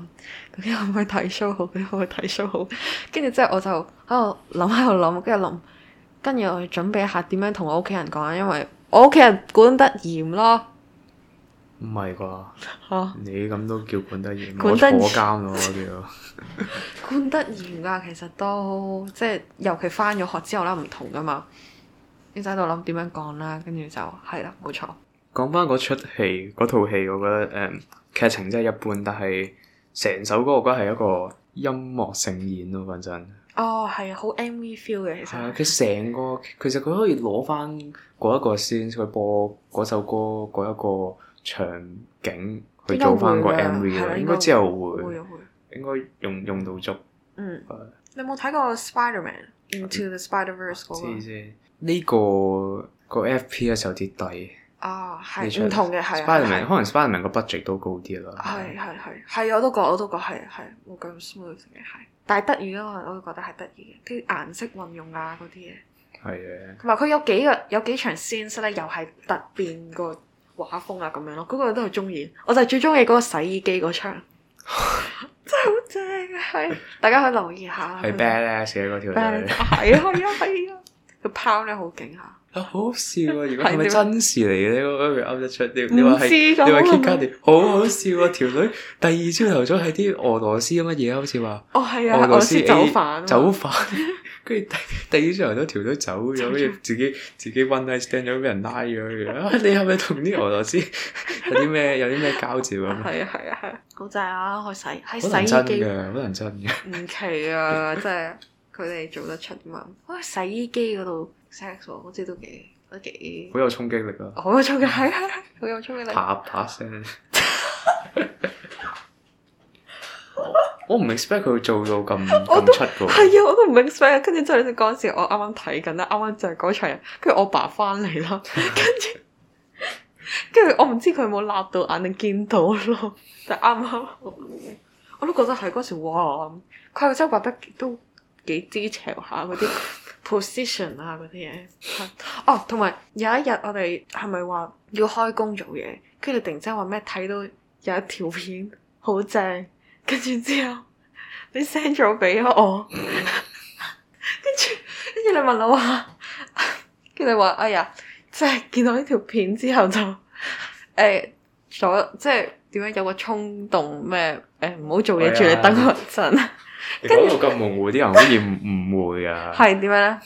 S1: 究竟可唔可以睇 show 好，究竟可唔可以睇 show 好，跟住之後我就喺度諗，喺度諗，跟住諗，跟住我準備下點樣同我屋企人講，因為我屋企人管得嚴咯。唔
S2: 係啩？啊、你咁都叫管得嚴？啊、管得嚴？我坐監咯，叫。
S1: [laughs] 管得嚴啊！其實都即係，尤其翻咗學之後啦，唔同噶嘛。你喺度諗點樣講啦？跟住就係啦，冇錯。
S2: 講翻嗰出戲，嗰套戲，戲我覺得誒。Um, 劇情真係一般，但係成首歌我覺得係一個音樂盛宴咯、啊，反正。
S1: 哦，係啊，好 MV feel 嘅其實。佢
S2: 成個其實佢可以攞翻嗰一個先佢播嗰首歌嗰一個場景去做翻個 MV 嘅，應該之後會,應該,會應該用應該會用,用到足。嗯。
S1: 的你有冇睇過 Spider-Man Into the Spider-Verse 嗰、嗯那個？呢、
S2: 這個、那個 FPS 有啲低。
S1: 啊，係唔同嘅，係啊，可能
S2: Spiderman 個 budget 都高啲啦。係
S1: 係係，係我都覺，我都覺係，係冇咁商業嘅，係。但係得意咯，我都覺得係得意嘅，啲顏色運用啊嗰啲嘢。係嘅。同埋佢有幾個有幾場 scene 咧，又係突變個畫風啊咁樣咯，嗰個我都中意。我就最中意嗰個洗衣機嗰場，真係好正啊！係，大家可以留意下。
S2: 係 Batman 寫嗰條。Batman
S1: 啊，係啊，佢拋咧好勁下。
S2: 啊！好笑啊！如果係咪真事嚟嘅，我我咪噏得出。你你話係，你話揭卡碟，好好笑啊！條女第二朝頭早喺啲俄羅斯乜嘢好似話俄羅斯走飯，走飯。跟住第第二朝頭早條女走咗，跟住自己自己 one night stand 咗俾人拉咗佢。你係咪同啲俄羅斯有啲咩有啲咩交涉啊？係啊係啊係，
S1: 好正啊！可能真嘅，
S2: 可能真嘅。
S1: 唔奇啊！真係佢哋做得出嘛？哇！洗衣機嗰度。s e 好似都幾都幾，好
S2: 有衝擊力啊！好
S1: 有衝擊，好有衝擊力，
S2: 啊，啪啪聲。我唔 expect 佢會做到咁緊出喎，
S1: 係啊都，我都唔 expect。跟住之後咧，嗰陣時我啱啱睇緊啦，啱啱就係嗰場人，跟住我爸翻嚟啦，跟住跟住我唔知佢有冇辣到眼定見到咯，就啱啱我都覺得係嗰時，哇！佢真係覺得都幾知潮下嗰啲。position 啊，嗰啲嘢，哦，同、啊、埋有，有一日我哋係咪話要開工做嘢，跟住突然之間話咩睇到有一條片好正，跟住之後你 send 咗俾我，跟住跟住你問我話，跟住你話哎呀，即係見到呢條片之後就誒所、欸、即係點樣有個衝動咩誒唔好做嘢住，你等我一陣。 [laughs]
S2: 講到咁模糊啲人好似誤會啊！係
S1: 點樣咧？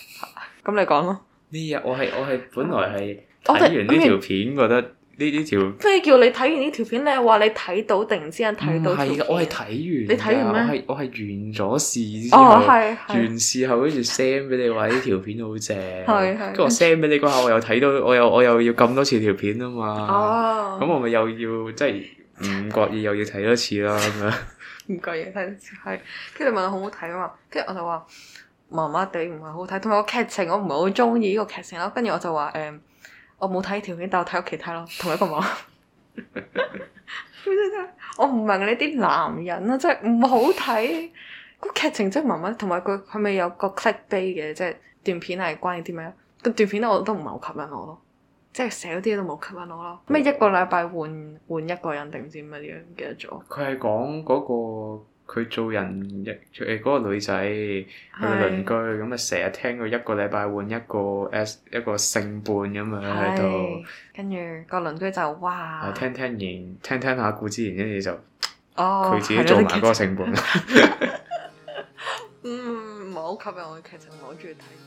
S1: 咁你講咯。
S2: 呢日我係我係本來係
S1: 睇完呢條
S2: 片，覺得呢呢條。
S1: 即叫你睇完呢條片，你話你睇到，突然之間睇到。唔係，
S2: 我係睇完。你睇完我係我係完咗事。先。哦，係。完事後跟住 send 俾你話呢條片好正。跟住 send 俾你嗰下，我又睇到，我又我又要咁多次條片啊嘛。
S3: 哦、啊。咁
S2: 我咪又要即係唔覺意又要睇多次啦咁樣。 [laughs]
S1: 唔嘢，貴，係，跟住問我好唔好睇啊嘛，跟住我就話麻麻地唔係好睇，同埋個劇情我唔係好中意呢個劇情啦。跟住我就話誒、呃，我冇睇條片，但我睇咗其他咯，同一個網。 [laughs] 我唔問你啲男人啦，真係唔好睇個劇情真係麻麻，同埋佢係咪有，有個 click 碑嘅？即係段片係關於啲咩咧？個段片咧，我都唔係好吸引我咯。即係寫啲嘢都冇吸引我咯，咩、那個欸那個嗯、一個禮拜換換一個人定唔知乜嘢，唔記得咗。
S2: 佢係講嗰個佢做人亦誒嗰個女仔佢鄰居咁啊，成日聽佢一個禮拜換一個一 S 一個性伴咁啊喺度。
S1: 跟住個鄰居就哇
S2: 聽聽！聽聽完，聽聽下故事完，跟住就哦，佢自己做埋嗰個性伴。
S1: [laughs] 嗯，唔係好吸引我嘅劇情，唔係好中意睇。